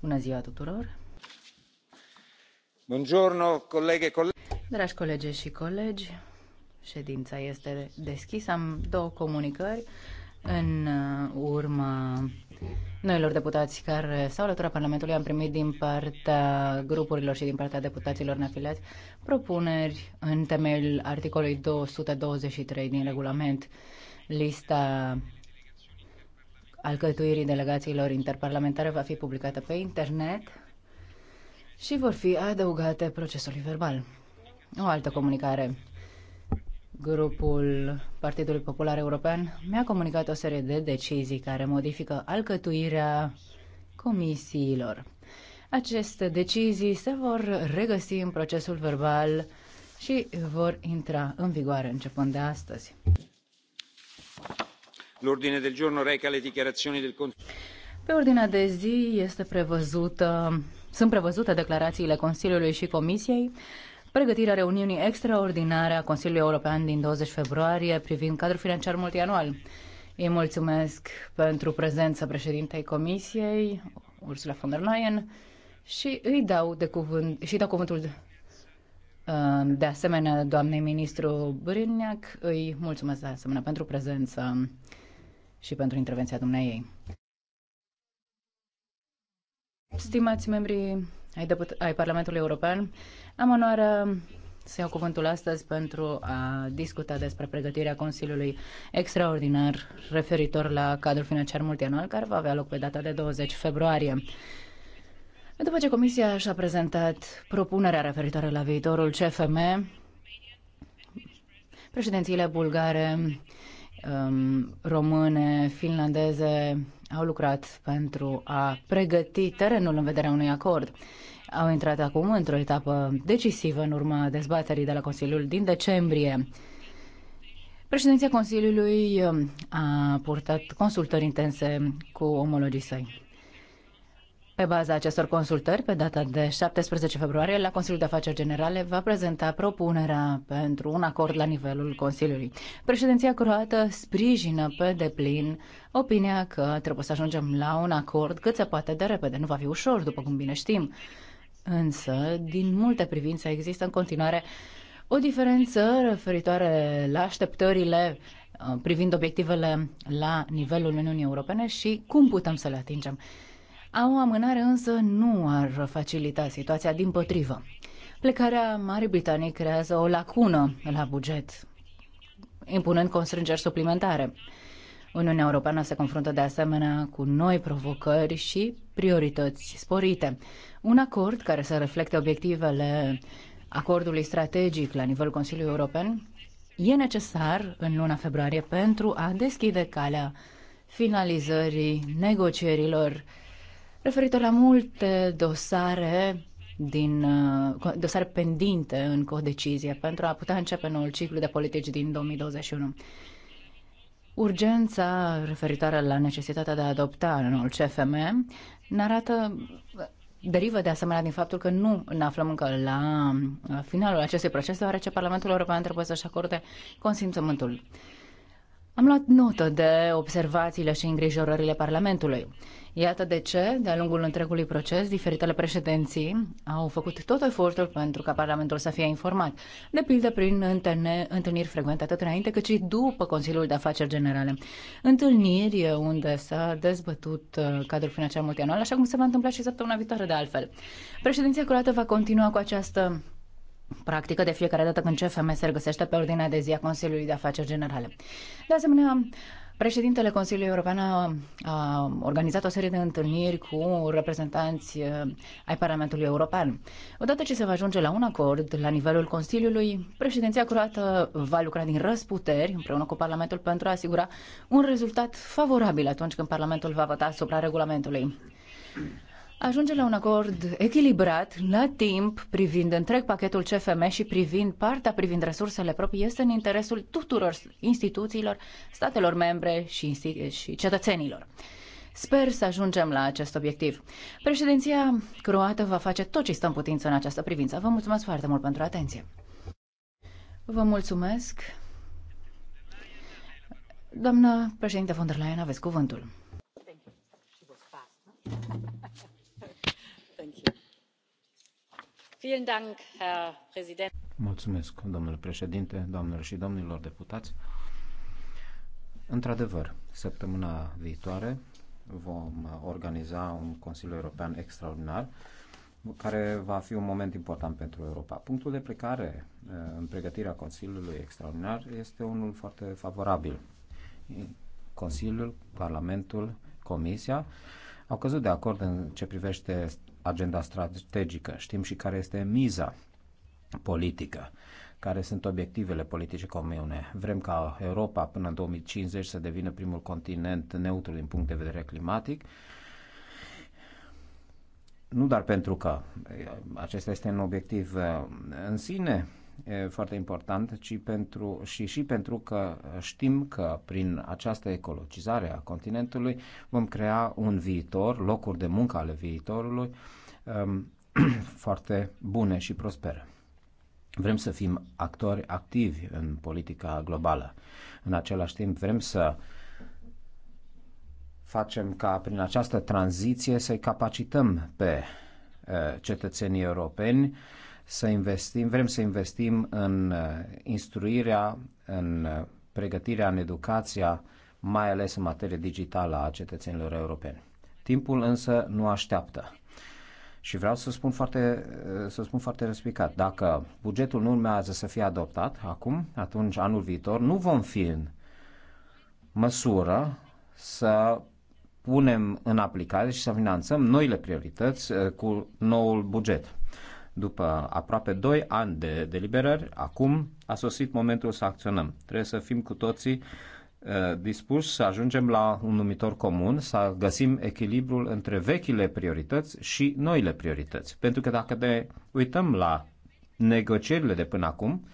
Bună ziua tuturor! Buongiorno, colleghe, colegi! Dragi colegi și colegi, ședința este deschisă. Am două comunicări în uh, urma Noilor deputați care s-au alăturat Parlamentului am primit din partea grupurilor și din partea deputaților neafiliați propuneri în temeiul articolului 223 din regulament. Lista alcătuirii delegațiilor interparlamentare va fi publicată pe internet și vor fi adăugate procesului verbal. O altă comunicare. Grupul Partidului Popular European mi-a comunicat o serie de decizii care modifică alcătuirea comisiilor. Aceste decizii se vor regăsi în procesul verbal și vor intra în vigoare începând de astăzi. L'ordine del giorno reca le dichiarazioni del Consiglio. Pe ordinea de zi este prevăzută, sunt prevăzute declarațiile Consiliului și Comisiei pregătirea reuniunii extraordinare a Consiliului European din 20 februarie privind cadrul financiar multianual. Îi mulțumesc pentru prezența președintei Comisiei, Ursula von der Leyen, și îi dau, de cuvânt, și dau cuvântul uh, de asemenea doamnei ministru Brâniac. Îi mulțumesc de asemenea pentru prezență și pentru intervenția dumneai. Stimați membrii ai, ai Parlamentului European, am onoarea să iau cuvântul astăzi pentru a discuta despre pregătirea Consiliului Extraordinar referitor la cadrul financiar multianual care va avea loc pe data de 20 februarie. După ce Comisia și-a prezentat propunerea referitoare la viitorul CFM, președințiile bulgare, um, române, finlandeze au lucrat pentru a pregăti terenul în vederea unui acord au intrat acum într-o etapă decisivă în urma dezbaterii de la Consiliul din decembrie. Președinția Consiliului um, a purtat consultări intense cu omologii săi. Pe baza acestor consultări, pe data de 17 februarie, la Consiliul de Afaceri Generale va prezenta propunerea pentru un acord la nivelul Consiliului. Președinția croată sprijină pe deplin opinia că trebuie să ajungem la un acord cât se poate de repede. Nu va fi ușor, după cum bine știm. Însă, din multe privințe, există în continuare o diferență referitoare la așteptările uh, privind obiectivele la nivelul Uniunii Europene și cum putem să le atingem. A O amânare însă nu ar facilita situația, din potrivă. Plecarea Marii Britanii creează o lacună la buget, impunând constrângeri suplimentare. Uniunea Europeană se confruntă de asemenea cu noi provocări și priorități sporite. Un acord care să reflecte obiectivele acordului strategic la nivelul Consiliului European e necesar în luna februarie pentru a deschide calea finalizării negocierilor referitor la multe dosare din uh, dosare pendinte în codecizie pentru a putea începe noul ciclu de politici din 2021. Urgența referitoare la necesitatea de a adopta noul CFM ne arată derivă de asemenea din faptul că nu ne aflăm încă la uh, finalul acestui proces, deoarece Parlamentul European trebuie să-și acorde consimțământul. Am luat notă de observațiile și îngrijorările Parlamentului. Iată de ce, de-a lungul întregului proces, diferitele președinții au făcut tot efortul pentru ca Parlamentul să fie informat, de pildă prin întâlniri frecvente atât înainte cât și după Consiliul de Afaceri Generale. Întâlniri unde s-a dezbătut uh, cadrul financiar multianual, așa cum se va întâmpla și săptămâna viitoare de altfel. Președinția curată va continua cu această practică de fiecare dată când CFM se regăsește pe ordinea de zi a Consiliului de Afaceri Generale. De asemenea, Președintele Consiliului European a, a organizat o serie de întâlniri cu reprezentanți eh, ai Parlamentului European. Odată ce se va ajunge la un acord la nivelul Consiliului, președinția croată va lucra din răsputeri împreună cu Parlamentul pentru a asigura un rezultat favorabil atunci când Parlamentul va vota asupra regulamentului ajunge la un acord echilibrat, la timp, privind întreg pachetul CFM și privind partea privind resursele proprii, este în interesul tuturor instituțiilor, statelor membre și, și cetățenilor. Sper să ajungem la acest obiectiv. Președinția croată va face tot ce stă în putință în această privință. Vă mulțumesc foarte mult pentru atenție. Vă mulțumesc. Doamna președinte von der Leyen, aveți cuvântul. Thank you. Mulțumesc, domnule președinte, doamnelor și domnilor deputați. Într-adevăr, săptămâna viitoare vom organiza un Consiliu European extraordinar care va fi un moment important pentru Europa. Punctul de plecare eh, în pregătirea Consiliului extraordinar este unul foarte favorabil. Consiliul, Parlamentul, Comisia au căzut de acord în ce privește agenda strategică, știm și care este miza politică, care sunt obiectivele politice comune. Vrem ca Europa până în 2050 să devină primul continent neutru din punct de vedere climatic, nu doar pentru că acesta este un obiectiv uh, în sine, foarte important, ci pentru, și și pentru că știm că prin această ecologizare a continentului vom crea un viitor, locuri de muncă ale viitorului um, foarte bune și prospere. Vrem să fim actori activi în politica globală. În același timp vrem să facem ca prin această tranziție să-i capacităm pe uh, cetățenii europeni să investim, vrem să investim în uh, instruirea, în uh, pregătirea, în educația, mai ales în materie digitală a cetățenilor europeni. Timpul însă nu așteaptă. Și vreau să spun foarte, uh, să spun foarte răspicat, dacă bugetul nu urmează să fie adoptat acum, atunci anul viitor nu vom fi în măsură să punem în aplicare și să finanțăm noile priorități cu noul buget. După aproape 2 ani de deliberări, acum a sosit momentul să acționăm. Trebuie să fim cu toții uh, dispuși să ajungem la un numitor comun, să găsim echilibrul între vechile priorități și noile priorități. Pentru că dacă ne uităm la negocierile de până acum,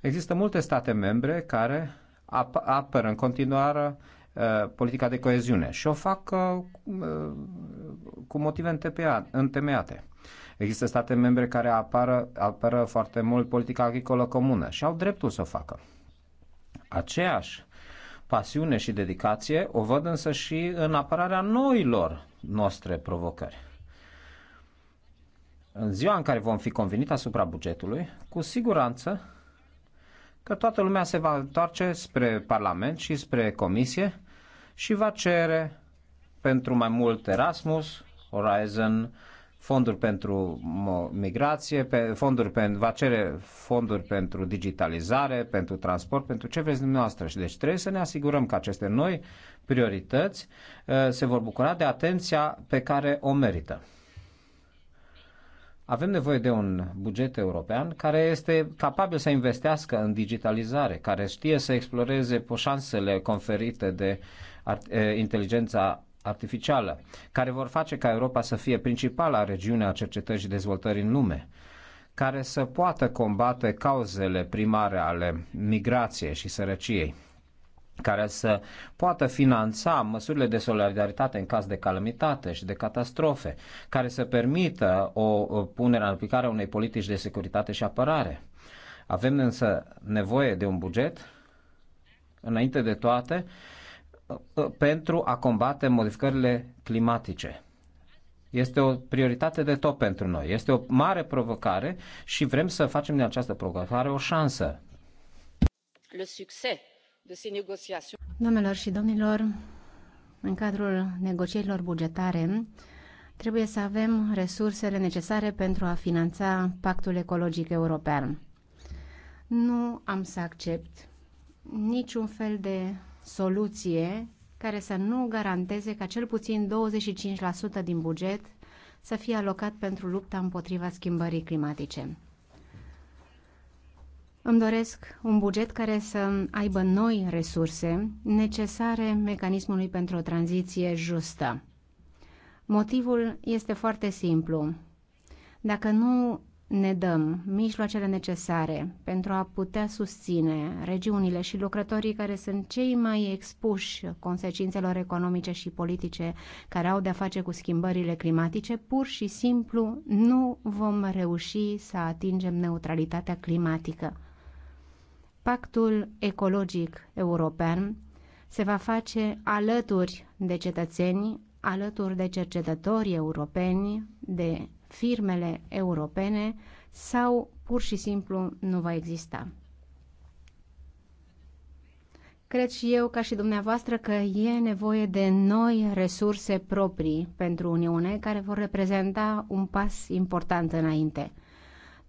există multe state membre care ap- apără în continuare uh, politica de coeziune și o fac uh, cu motive întemeiate. Există state membre care apară, apără foarte mult politica agricolă comună și au dreptul să o facă. Aceeași pasiune și dedicație o văd însă și în apărarea noilor noastre provocări. În ziua în care vom fi convenit asupra bugetului, cu siguranță că toată lumea se va întoarce spre Parlament și spre Comisie și va cere pentru mai mult Erasmus, Horizon fonduri pentru migrație, pe, fonduri pentru, va cere fonduri pentru digitalizare, pentru transport, pentru ce vreți dumneavoastră. Și deci trebuie să ne asigurăm că aceste noi priorități uh, se vor bucura de atenția pe care o merită. Avem nevoie de un buget european care este capabil să investească în digitalizare, care știe să exploreze șansele conferite de eh, inteligența artificială, care vor face ca Europa să fie principala regiune a cercetării și dezvoltării în lume, care să poată combate cauzele primare ale migrației și sărăciei, care să poată finanța măsurile de solidaritate în caz de calamitate și de catastrofe, care să permită o punere în aplicare a unei politici de securitate și apărare. Avem însă nevoie de un buget, înainte de toate, Uh, uh, pentru a combate modificările climatice. Este o prioritate de top pentru noi. Este o mare provocare și vrem să facem din această provocare o șansă. Doamnelor și domnilor, în cadrul negocierilor bugetare, trebuie să avem resursele necesare pentru a finanța Pactul Ecologic European. Nu am să accept niciun fel de soluție care să nu garanteze ca cel puțin 25% din buget să fie alocat pentru lupta împotriva schimbării climatice. Îmi doresc un buget care să aibă noi resurse necesare mecanismului pentru o tranziție justă. Motivul este foarte simplu. Dacă nu ne dăm mijloacele necesare pentru a putea susține regiunile și lucrătorii care sunt cei mai expuși consecințelor economice și politice care au de-a face cu schimbările climatice, pur și simplu nu vom reuși să atingem neutralitatea climatică. Pactul ecologic european se va face alături de cetățeni, alături de cercetători europeni, de firmele europene sau pur și simplu nu va exista. Cred și eu, ca și dumneavoastră, că e nevoie de noi resurse proprii pentru Uniune care vor reprezenta un pas important înainte.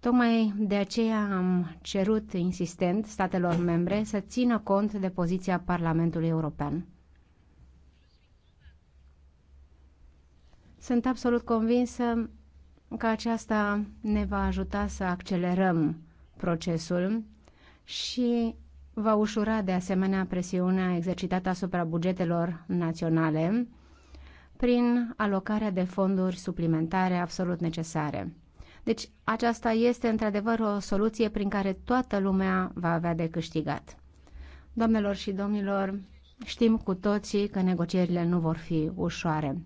Tocmai de aceea am cerut insistent statelor membre să țină cont de poziția Parlamentului European. Sunt absolut convinsă că aceasta ne va ajuta să accelerăm procesul și va ușura de asemenea presiunea exercitată asupra bugetelor naționale prin alocarea de fonduri suplimentare absolut necesare. Deci aceasta este într-adevăr o soluție prin care toată lumea va avea de câștigat. Doamnelor și domnilor, știm cu toții că negocierile nu vor fi ușoare.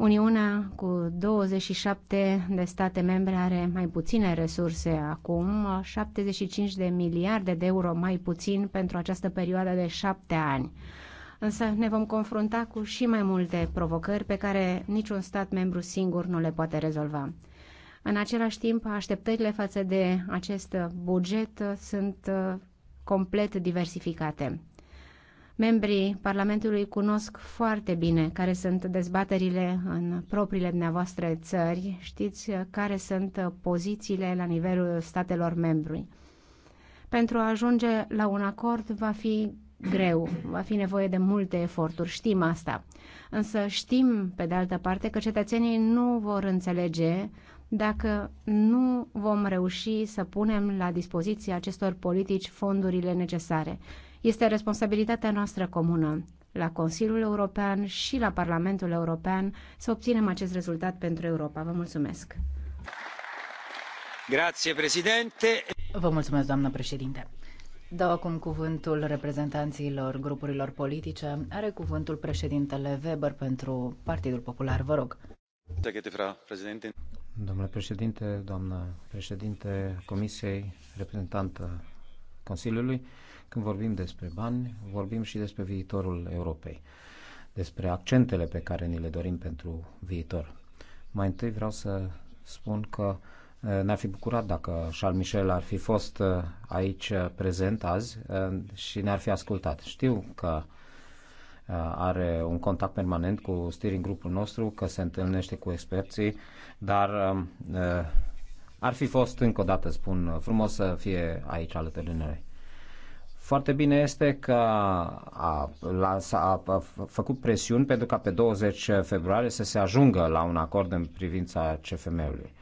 Uniunea cu 27 de state membre are mai puține resurse acum, 75 de miliarde de euro mai puțin pentru această perioadă de șapte ani. Însă ne vom confrunta cu și mai multe provocări pe care niciun stat membru singur nu le poate rezolva. În același timp, așteptările față de acest buget sunt uh, complet diversificate membrii Parlamentului cunosc foarte bine care sunt dezbaterile în propriile dumneavoastră țări, știți care sunt pozițiile la nivelul statelor membri. Pentru a ajunge la un acord va fi greu, va fi nevoie de multe eforturi, știm asta. Însă știm, pe de altă parte, că cetățenii nu vor înțelege dacă nu vom reuși să punem la dispoziție acestor politici fondurile necesare. Este responsabilitatea noastră comună la Consiliul European și la Parlamentul European să obținem acest rezultat pentru Europa. Vă mulțumesc! Grazie, președinte! Vă mulțumesc, doamnă președinte! Dau acum cuvântul reprezentanților grupurilor politice. Are cuvântul președintele Weber pentru Partidul Popular. Vă rog. Domnule președinte, doamnă președinte Comisiei, reprezentantă Consiliului, când vorbim despre bani, vorbim și despre viitorul Europei, despre accentele pe care ni le dorim pentru viitor. Mai întâi vreau să spun că ne-ar fi bucurat dacă Charles Michel ar fi fost aici prezent azi și ne-ar fi ascultat. Știu că are un contact permanent cu steering grupul nostru, că se întâlnește cu experții, dar ar fi fost încă o dată, spun, frumos să fie aici alături de noi. Foarte bine este că a, lansa, a făcut presiuni pentru ca pe 20 februarie să se ajungă la un acord în privința CFM-ului.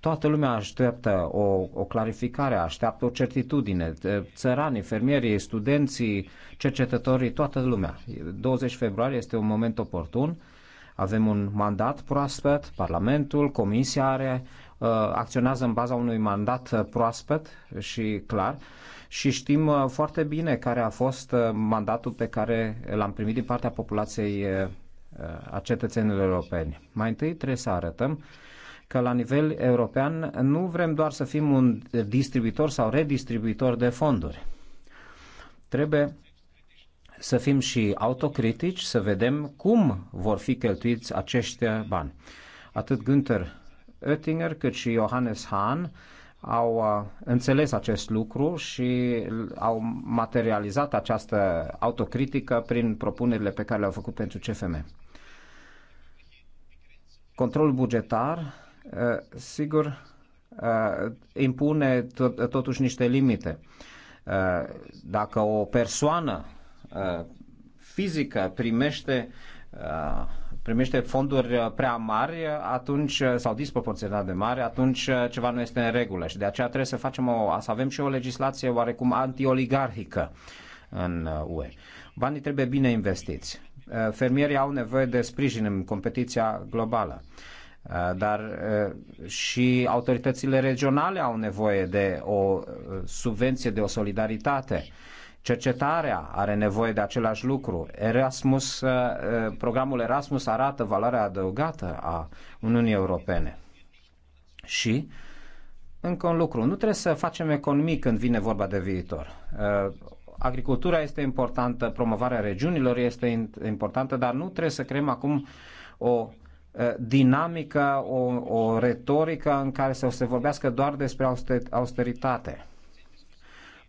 Toată lumea așteaptă o, o clarificare, așteaptă o certitudine. Țăranii, fermierii, studenții, cercetătorii, toată lumea. 20 februarie este un moment oportun. Avem un mandat proaspăt, Parlamentul, Comisia are, uh, acționează în baza unui mandat uh, proaspăt și clar și știm uh, foarte bine care a fost uh, mandatul pe care l-am primit din partea populației uh, a cetățenilor europeni. Mai întâi trebuie să arătăm că la nivel european nu vrem doar să fim un distribuitor sau redistribuitor de fonduri. Trebuie să fim și autocritici, să vedem cum vor fi cheltuiți acești bani. Atât Günther Oettinger cât și Johannes Hahn au uh, înțeles acest lucru și au materializat această autocritică prin propunerile pe care le-au făcut pentru CFM. Controlul bugetar, uh, sigur, uh, impune totuși niște limite. Dacă o persoană fizică primește primește fonduri uh, prea mari uh, atunci, uh, sau disproporționat de mari, atunci ceva nu este în regulă și de aceea trebuie să, facem o, să avem și o legislație oarecum antioligarhică în UE. Banii trebuie bine investiți. Fermierii au nevoie de sprijin în competiția globală dar și autoritățile regionale au nevoie de o subvenție, de o solidaritate Cercetarea are nevoie de același lucru. Erasmus, uh, uh, programul Erasmus arată valoarea adăugată a Uniunii Europene. Și încă un lucru, nu trebuie să facem economii când vine vorba de viitor. Uh, agricultura este importantă, promovarea regiunilor este importantă, dar nu trebuie să creăm acum o dinamică, o, o retorică în care să se vorbească doar despre austeritate.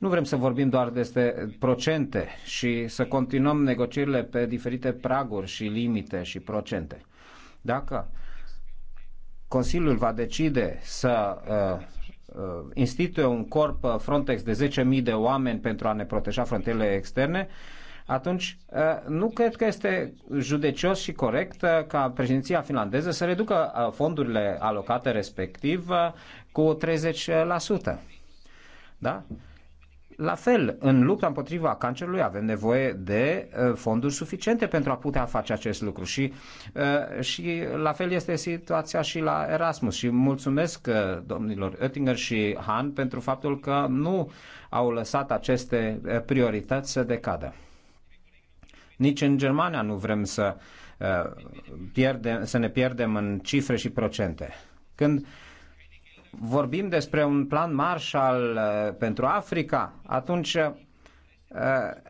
Nu vrem să vorbim doar despre procente și să continuăm negocierile pe diferite praguri și limite și procente. Dacă Consiliul va decide să uh, uh, instituie un corp uh, Frontex de 10.000 de oameni pentru a ne proteja frontierele externe, atunci uh, nu cred că este judecios și corect uh, ca președinția finlandeză să reducă uh, fondurile alocate respectiv uh, cu 30%. Da? La fel, în lupta împotriva cancerului avem nevoie de uh, fonduri suficiente pentru a putea face acest lucru și, uh, și la fel este situația și la Erasmus și mulțumesc uh, domnilor Oettinger și Han pentru faptul că nu au lăsat aceste priorități să decadă. Nici în Germania nu vrem să, pierdem, să ne pierdem în cifre și procente. Când uh, vorbim despre un plan Marshall uh, pentru Africa, atunci, uh,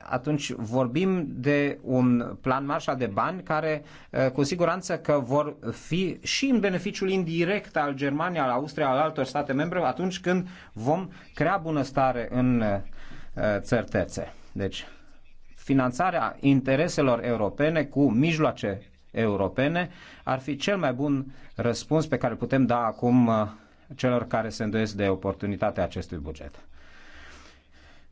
atunci vorbim de un plan Marshall de bani care uh, cu siguranță că vor fi și în beneficiul indirect al Germaniei, al Austriei, al altor state membre atunci când vom crea bunăstare în țări terțe. Deci, finanțarea intereselor europene cu mijloace europene ar fi cel mai bun răspuns pe care putem da acum celor care se îndoiesc de oportunitatea acestui buget.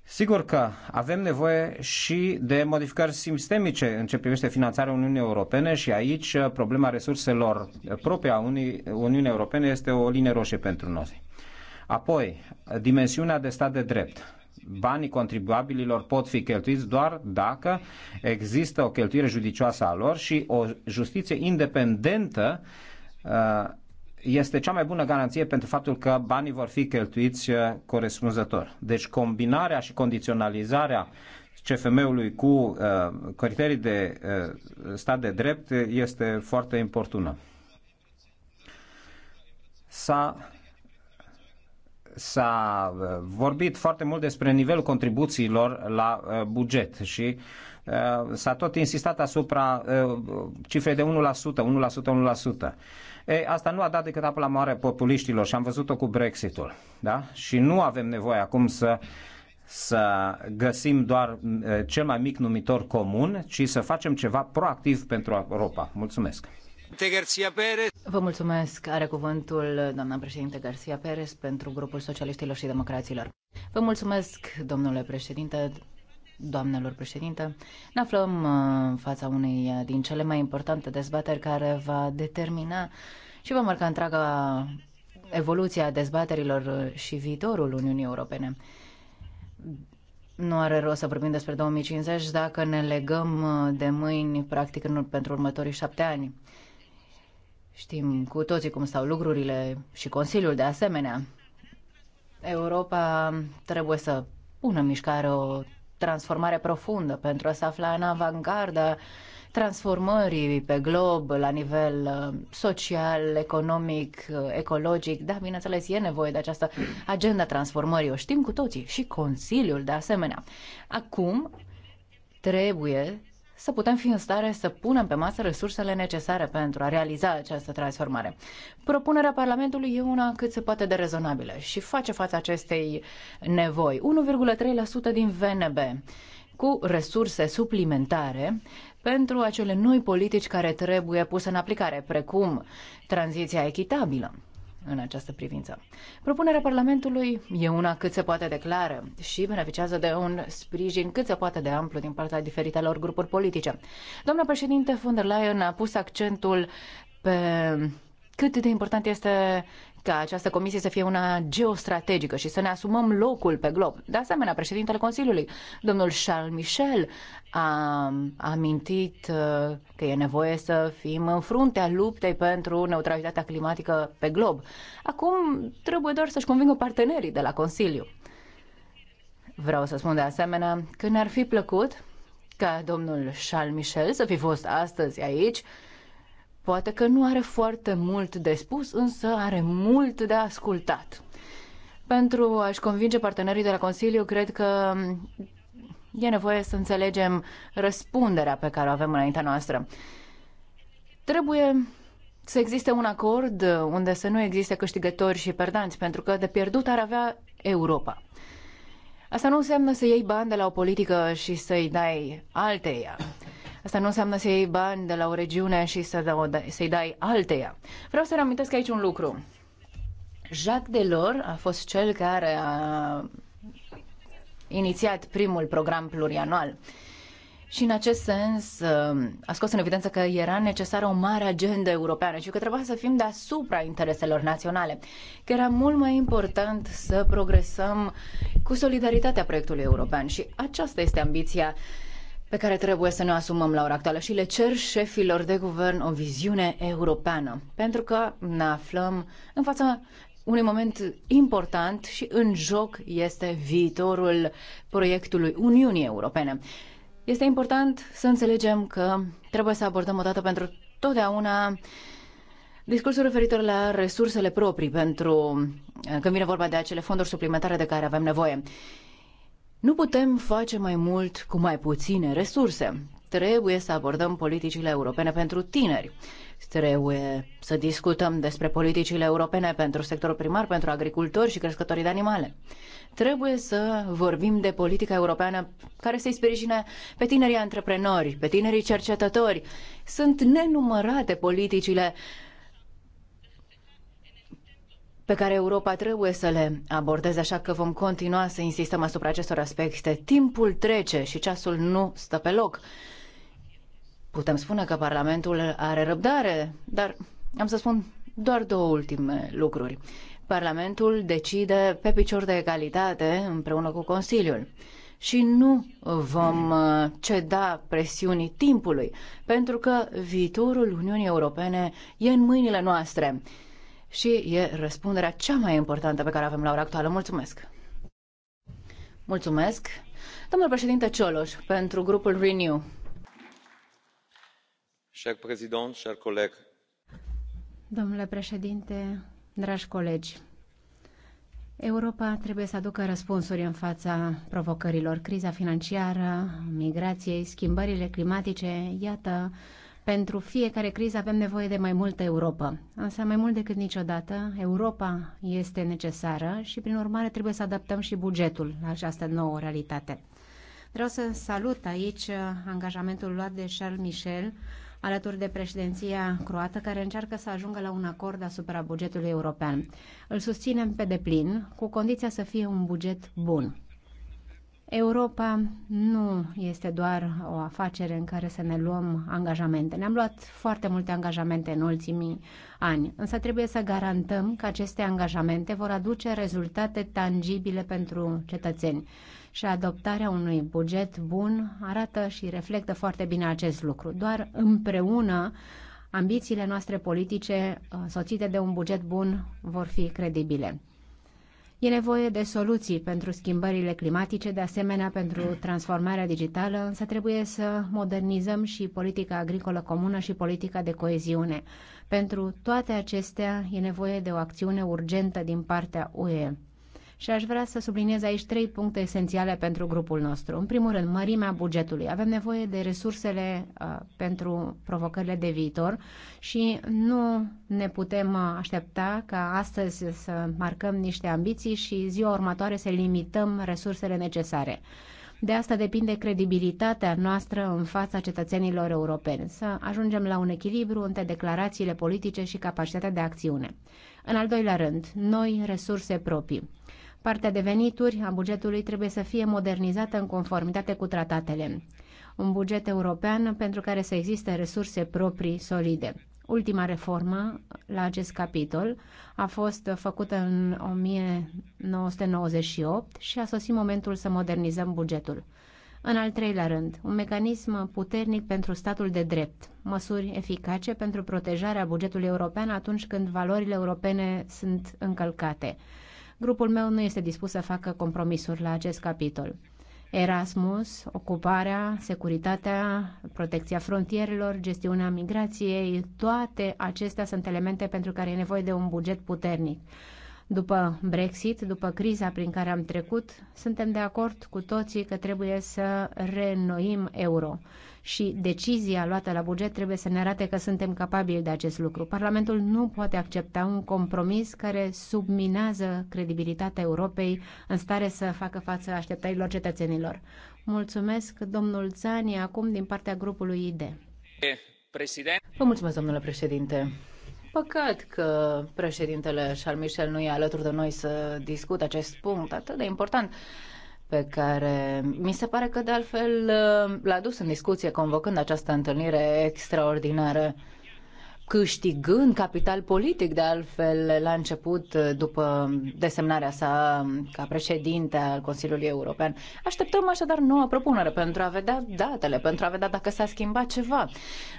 Sigur că avem nevoie și de modificări sistemice în ce privește finanțarea Uniunii Europene și aici problema resurselor proprie a Uniunii Europene este o linie roșie pentru noi. Apoi, dimensiunea de stat de drept. Banii contribuabililor pot fi cheltuiți doar dacă există o cheltuire judicioasă a lor și o justiție independentă uh, este cea mai bună garanție pentru faptul că banii vor fi cheltuiți uh, corespunzător. Deci combinarea și condiționalizarea CFM-ului cu uh, criterii de uh, stat de drept este foarte importună. S-a s-a vorbit foarte mult despre nivelul contribuțiilor la buget și s-a tot insistat asupra cifrei de 1%, 1%, 1%. Ei, asta nu a dat decât apă la moare populiștilor și am văzut-o cu Brexitul. Da? Și nu avem nevoie acum să să găsim doar cel mai mic numitor comun, ci să facem ceva proactiv pentru Europa. Mulțumesc! Vă mulțumesc. Are cuvântul doamna președinte Garcia Perez pentru grupul socialiștilor și democraților. Vă mulțumesc, domnule președinte, doamnelor președinte, ne aflăm uh, în fața unei uh, din cele mai importante dezbateri care va determina și va marca întreaga evoluția dezbaterilor uh, și viitorul Uniunii Europene. Nu are rost să vorbim despre 2050 dacă ne legăm de mâini, practic, pentru următorii șapte ani. Știm cu toții cum stau lucrurile și Consiliul de asemenea. Europa trebuie să pună în mișcare o transformare profundă pentru a se afla în avangarda transformării pe glob la nivel uh, social, economic, uh, ecologic. Da, bineînțeles, e nevoie de această agenda transformării, o știm cu toții și Consiliul de asemenea. Acum trebuie să putem fi în stare să punem pe masă resursele necesare pentru a realiza această transformare. Propunerea Parlamentului e una cât se poate de rezonabilă și face față acestei nevoi. 1,3% din VNB cu resurse suplimentare pentru acele noi politici care trebuie puse în aplicare, precum tranziția echitabilă în această privință. Propunerea Parlamentului e una cât se poate declară și beneficiază de un sprijin cât se poate de amplu din partea diferitelor grupuri politice. Doamna președinte von der Leyen a pus accentul pe cât de important este ca această comisie să fie una geostrategică și să ne asumăm locul pe glob. De asemenea, președintele Consiliului, domnul Charles Michel, a amintit uh, că e nevoie să fim în fruntea luptei pentru neutralitatea climatică pe glob. Acum trebuie doar să-și convingă partenerii de la Consiliu. Vreau să spun de asemenea că ne-ar fi plăcut ca domnul Charles Michel să fi fost astăzi aici Poate că nu are foarte mult de spus, însă are mult de ascultat. Pentru a-și convinge partenerii de la Consiliu, cred că e nevoie să înțelegem răspunderea pe care o avem înaintea noastră. Trebuie să existe un acord unde să nu existe câștigători și perdanți, pentru că de pierdut ar avea Europa. Asta nu înseamnă să iei bani de la o politică și să-i dai alteia. Asta nu înseamnă să iei bani de la o regiune și să da, să-i dai alteia. Vreau să reamintesc aici un lucru. Jacques Delors a fost cel care a inițiat primul program plurianual. Și în acest sens ă, a scos în evidență că era necesară o mare agendă europeană și că trebuia să fim deasupra intereselor naționale, că era mult mai important să progresăm cu solidaritatea proiectului european și aceasta este ambiția pe care trebuie să ne asumăm la ora actuală și le cer șefilor de guvern o viziune europeană, pentru că ne aflăm în fața unui moment important și în joc este viitorul proiectului Uniunii Europene. Este important să înțelegem că trebuie să abordăm o dată pentru totdeauna discursul referitor la resursele proprii pentru când vine vorba de acele fonduri suplimentare de care avem nevoie. Nu putem face mai mult cu mai puține resurse. Trebuie să abordăm politicile europene pentru tineri. Trebuie să discutăm despre politicile europene pentru sectorul primar, pentru agricultori și crescătorii de animale. Trebuie să vorbim de politica europeană care să-i sprijine pe tinerii antreprenori, pe tinerii cercetători. Sunt nenumărate politicile pe care Europa trebuie să le abordeze, așa că vom continua să insistăm asupra acestor aspecte. Timpul trece și ceasul nu stă pe loc. Putem spune că Parlamentul are răbdare, dar am să spun doar două ultime lucruri. Parlamentul decide pe picior de egalitate împreună cu Consiliul și nu vom uh, ceda presiunii timpului, pentru că viitorul Uniunii Europene e în mâinile noastre și e răspunderea cea mai importantă pe care avem la ora actuală. Mulțumesc! Mulțumesc! Domnul președinte Cioloș, pentru grupul Renew. Cher président, cher coleg. Domnule președinte, dragi colegi, Europa trebuie să aducă răspunsuri în fața provocărilor. Criza financiară, migrației, schimbările climatice, iată pentru fiecare criză avem nevoie de mai multă Europa. Însă, mai mult decât niciodată, Europa este necesară și, prin urmare, trebuie să adaptăm și bugetul la această nouă realitate. Vreau să salut aici uh, angajamentul luat de Charles Michel alături de președinția croată care încearcă să ajungă la un acord asupra bugetului european. Îl susținem pe deplin, cu condiția să fie un buget bun. Europa nu este doar o afacere în care să ne luăm angajamente. Ne-am luat foarte multe angajamente în ultimii ani, însă trebuie să garantăm că aceste angajamente vor aduce rezultate tangibile pentru cetățeni. Și adoptarea unui buget bun arată și reflectă foarte bine acest lucru. Doar împreună ambițiile noastre politice, uh, soțite de un buget bun, vor fi credibile. E nevoie de soluții pentru schimbările climatice, de asemenea pentru transformarea digitală, însă trebuie să modernizăm și politica agricolă comună și politica de coeziune. Pentru toate acestea e nevoie de o acțiune urgentă din partea UE și aș vrea să subliniez aici trei puncte esențiale pentru grupul nostru. În primul rând, mărimea bugetului. Avem nevoie de resursele uh, pentru provocările de viitor și nu ne putem uh, aștepta ca astăzi să marcăm niște ambiții și ziua următoare să limităm resursele necesare. De asta depinde credibilitatea noastră în fața cetățenilor europeni, să ajungem la un echilibru între declarațiile politice și capacitatea de acțiune. În al doilea rând, noi resurse proprii. Partea de venituri a bugetului trebuie să fie modernizată în conformitate cu tratatele. Un buget european pentru care să existe resurse proprii solide. Ultima reformă la acest capitol a fost făcută în 1998 și a sosit momentul să modernizăm bugetul. În al treilea rând, un mecanism puternic pentru statul de drept, măsuri eficace pentru protejarea bugetului european atunci când valorile europene sunt încălcate. Grupul meu nu este dispus să facă compromisuri la acest capitol. Erasmus, ocuparea, securitatea, protecția frontierelor, gestiunea migrației, toate acestea sunt elemente pentru care e nevoie de un buget puternic. După Brexit, după criza prin care am trecut, suntem de acord cu toții că trebuie să reînnoim euro și decizia luată la buget trebuie să ne arate că suntem capabili de acest lucru. Parlamentul nu poate accepta un compromis care subminează credibilitatea Europei în stare să facă față așteptărilor cetățenilor. Mulțumesc, domnul Zani, acum din partea grupului ID. Vă mulțumesc, domnule președinte. Păcat că președintele Charles Michel nu e alături de noi să discute acest punct atât de important pe care mi se pare că de altfel uh, l-a dus în discuție convocând această întâlnire extraordinară câștigând capital politic, de altfel, la început, după desemnarea sa ca președinte al Consiliului European. Așteptăm așadar noua propunere pentru a vedea datele, pentru a vedea dacă s-a schimbat ceva.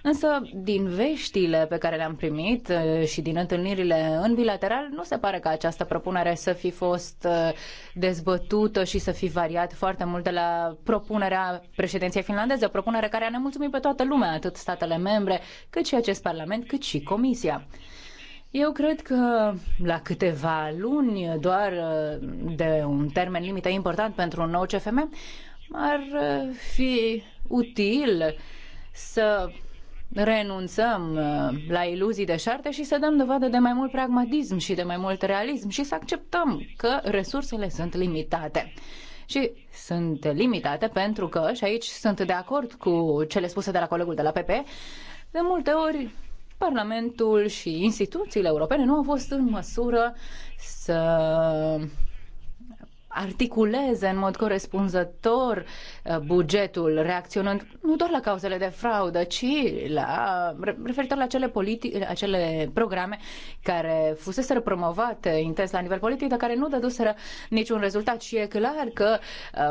Însă, din veștile pe care le-am primit eh, și din întâlnirile în bilateral, nu se pare că această propunere să fi fost eh, dezbătută și să fi variat foarte mult de la propunerea președinției finlandeze, o propunere care a nemulțumit pe toată lumea, atât statele membre, cât și acest Parlament, cât cât și Comisia. Eu cred că la câteva luni doar uh, de un termen limită important pentru un nou CFM ar uh, fi util să renunțăm uh, la iluzii de șarte și să dăm dovadă de mai mult pragmatism și de mai mult realism și să acceptăm că resursele sunt limitate. Și sunt limitate pentru că, și aici sunt de acord cu cele spuse de la colegul de la PP, de multe ori Parlamentul și instituțiile europene nu au fost în măsură să articuleze în mod corespunzător uh, bugetul, reacționând nu doar la cauzele de fraudă, ci la, referitor la acele, politi- acele programe care fuseseră promovate intens la nivel politic, dar care nu dăduseră niciun rezultat. Și e clar că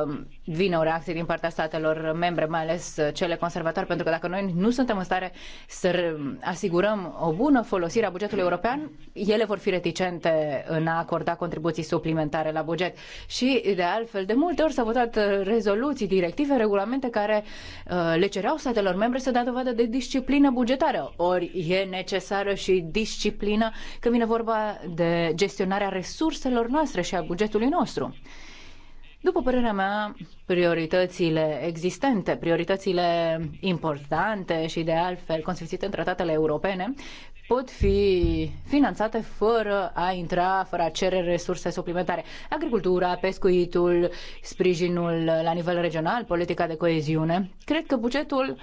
um, vine o reacție din partea statelor membre, mai ales cele conservatoare, pentru că dacă noi nu suntem în stare să asigurăm o bună folosire a bugetului european, ele vor fi reticente în a acorda contribuții suplimentare la buget și, de altfel, de multe ori s-au votat uh, rezoluții, directive, regulamente care uh, le cereau statelor membre să dea dovadă de disciplină bugetară. Ori e necesară și disciplina când vine vorba de gestionarea resurselor noastre și a bugetului nostru. După părerea mea, prioritățile existente, prioritățile importante și de altfel consfințite în tratatele europene, pot fi finanțate fără a intra, fără a cere resurse suplimentare. Agricultura, pescuitul, sprijinul la nivel regional, politica de coeziune. Cred că bugetul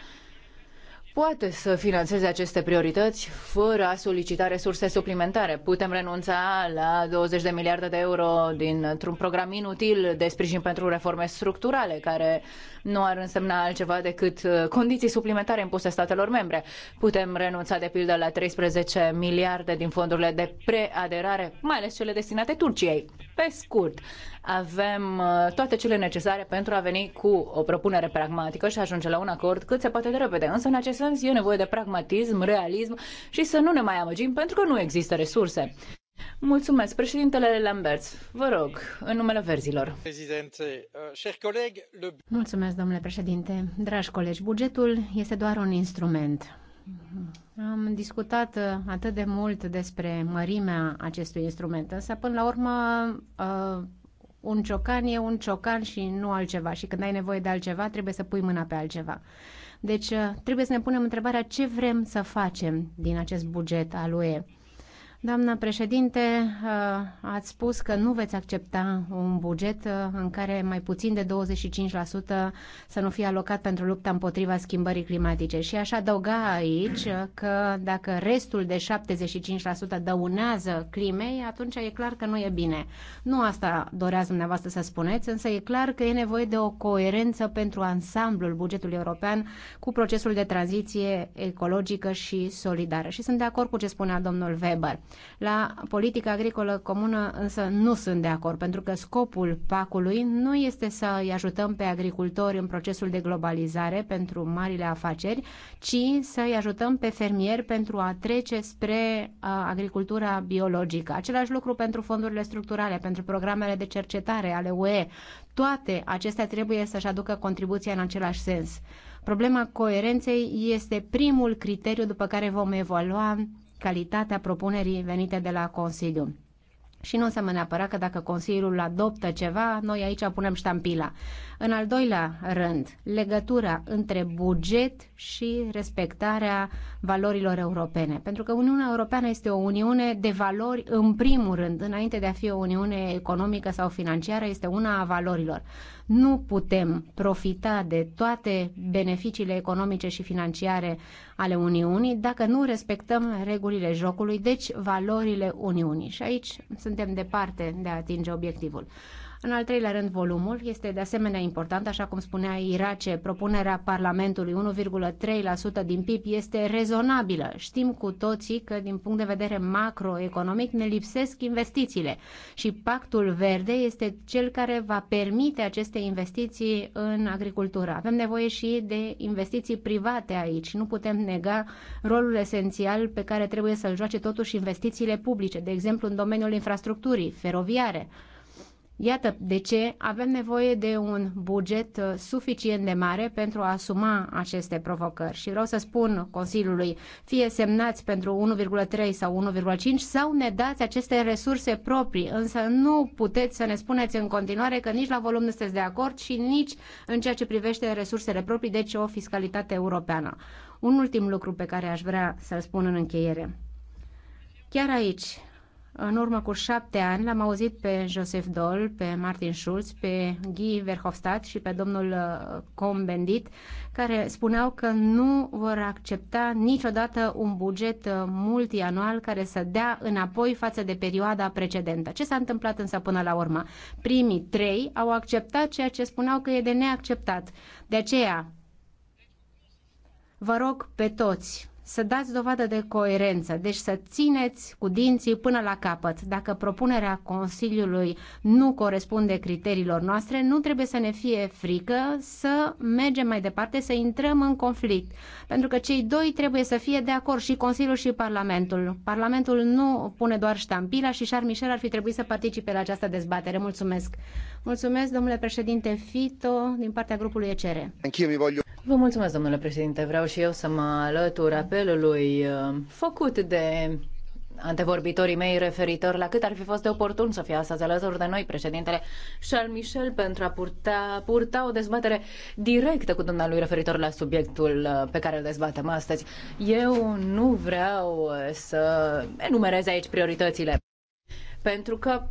poate să financeze aceste priorități fără a solicita resurse suplimentare. Putem renunța la 20 de miliarde de euro dintr-un program inutil de sprijin pentru reforme structurale, care nu ar însemna altceva decât uh, condiții suplimentare impuse statelor membre. Putem renunța, de pildă, la 13 miliarde din fondurile de preaderare, mai ales cele destinate Turciei. Pe scurt, avem uh, toate cele necesare pentru a veni cu o propunere pragmatică și a ajunge la un acord cât se poate de repede. Însă, în acest strâns, e nevoie de pragmatism, realism și să nu ne mai amăgim pentru că nu există resurse. Mulțumesc, președintele Lamberts. Vă rog, în numele verzilor. Uh, Mulțumesc, domnule președinte. Dragi colegi, bugetul este doar un instrument. Am discutat uh, atât de mult despre mărimea acestui instrument, însă până la urmă uh, un ciocan e un ciocan și nu altceva și când ai nevoie de altceva trebuie să pui mâna pe altceva. Deci uh, trebuie să ne punem întrebarea ce vrem să facem din acest buget al UE. Doamna președinte, uh, ați spus că nu veți accepta un buget uh, în care mai puțin de 25% să nu fie alocat pentru lupta împotriva schimbării climatice. Și aș adăuga aici uh, că dacă restul de 75% dăunează climei, atunci e clar că nu e bine. Nu asta doreați dumneavoastră să spuneți, însă e clar că e nevoie de o coerență pentru ansamblul bugetului european cu procesul de tranziție ecologică și solidară. Și sunt de acord cu ce spunea domnul Weber. La politica agricolă comună însă nu sunt de acord, pentru că scopul PAC-ului nu este să îi ajutăm pe agricultori în procesul de globalizare pentru marile afaceri, ci să îi ajutăm pe fermieri pentru a trece spre uh, agricultura biologică. Același lucru pentru fondurile structurale, pentru programele de cercetare ale UE. Toate acestea trebuie să-și aducă contribuția în același sens. Problema coerenței este primul criteriu după care vom evalua calitatea propunerii venite de la Consiliu. Și nu înseamnă neapărat că dacă Consiliul adoptă ceva, noi aici punem ștampila. În al doilea rând, legătura între buget și respectarea valorilor europene. Pentru că Uniunea Europeană este o uniune de valori în primul rând, înainte de a fi o uniune economică sau financiară, este una a valorilor. Nu putem profita de toate beneficiile economice și financiare ale Uniunii dacă nu respectăm regulile jocului, deci valorile Uniunii. Și aici suntem departe de a atinge obiectivul. În al treilea rând, volumul este de asemenea important, așa cum spunea Irace, propunerea Parlamentului 1,3% din PIB este rezonabilă. Știm cu toții că din punct de vedere macroeconomic ne lipsesc investițiile și pactul verde este cel care va permite aceste investiții în agricultură. Avem nevoie și de investiții private aici. Nu putem nega rolul esențial pe care trebuie să-l joace totuși investițiile publice, de exemplu în domeniul infrastructurii feroviare. Iată de ce avem nevoie de un buget uh, suficient de mare pentru a asuma aceste provocări. Și vreau să spun Consiliului, fie semnați pentru 1,3 sau 1,5 sau ne dați aceste resurse proprii, însă nu puteți să ne spuneți în continuare că nici la volum nu sunteți de acord și nici în ceea ce privește resursele proprii, deci o fiscalitate europeană. Un ultim lucru pe care aș vrea să-l spun în încheiere. Chiar aici, în urmă cu șapte ani l-am auzit pe Joseph Doll, pe Martin Schulz, pe Guy Verhofstadt și pe domnul uh, Combendit, care spuneau că nu vor accepta niciodată un buget uh, multianual care să dea înapoi față de perioada precedentă. Ce s-a întâmplat însă până la urmă? Primii trei au acceptat ceea ce spuneau că e de neacceptat. De aceea, vă rog pe toți, să dați dovadă de coerență, deci să țineți cu dinții până la capăt. Dacă propunerea Consiliului nu corespunde criteriilor noastre, nu trebuie să ne fie frică să mergem mai departe, să intrăm în conflict. Pentru că cei doi trebuie să fie de acord, și Consiliul și Parlamentul. Parlamentul nu pune doar ștampila și Charles Michel ar fi trebuit să participe la această dezbatere. Mulțumesc! Mulțumesc, domnule președinte Fito, din partea grupului ECR. Vă mulțumesc, domnule președinte. Vreau și eu să mă alătur apelului uh, făcut de antevorbitorii mei referitor la cât ar fi fost de oportun să fie astăzi alături de noi președintele Charles Michel pentru a purta, purta o dezbatere directă cu dumnealui referitor la subiectul uh, pe care îl dezbatem astăzi. Eu nu vreau uh, să enumerez aici prioritățile pentru că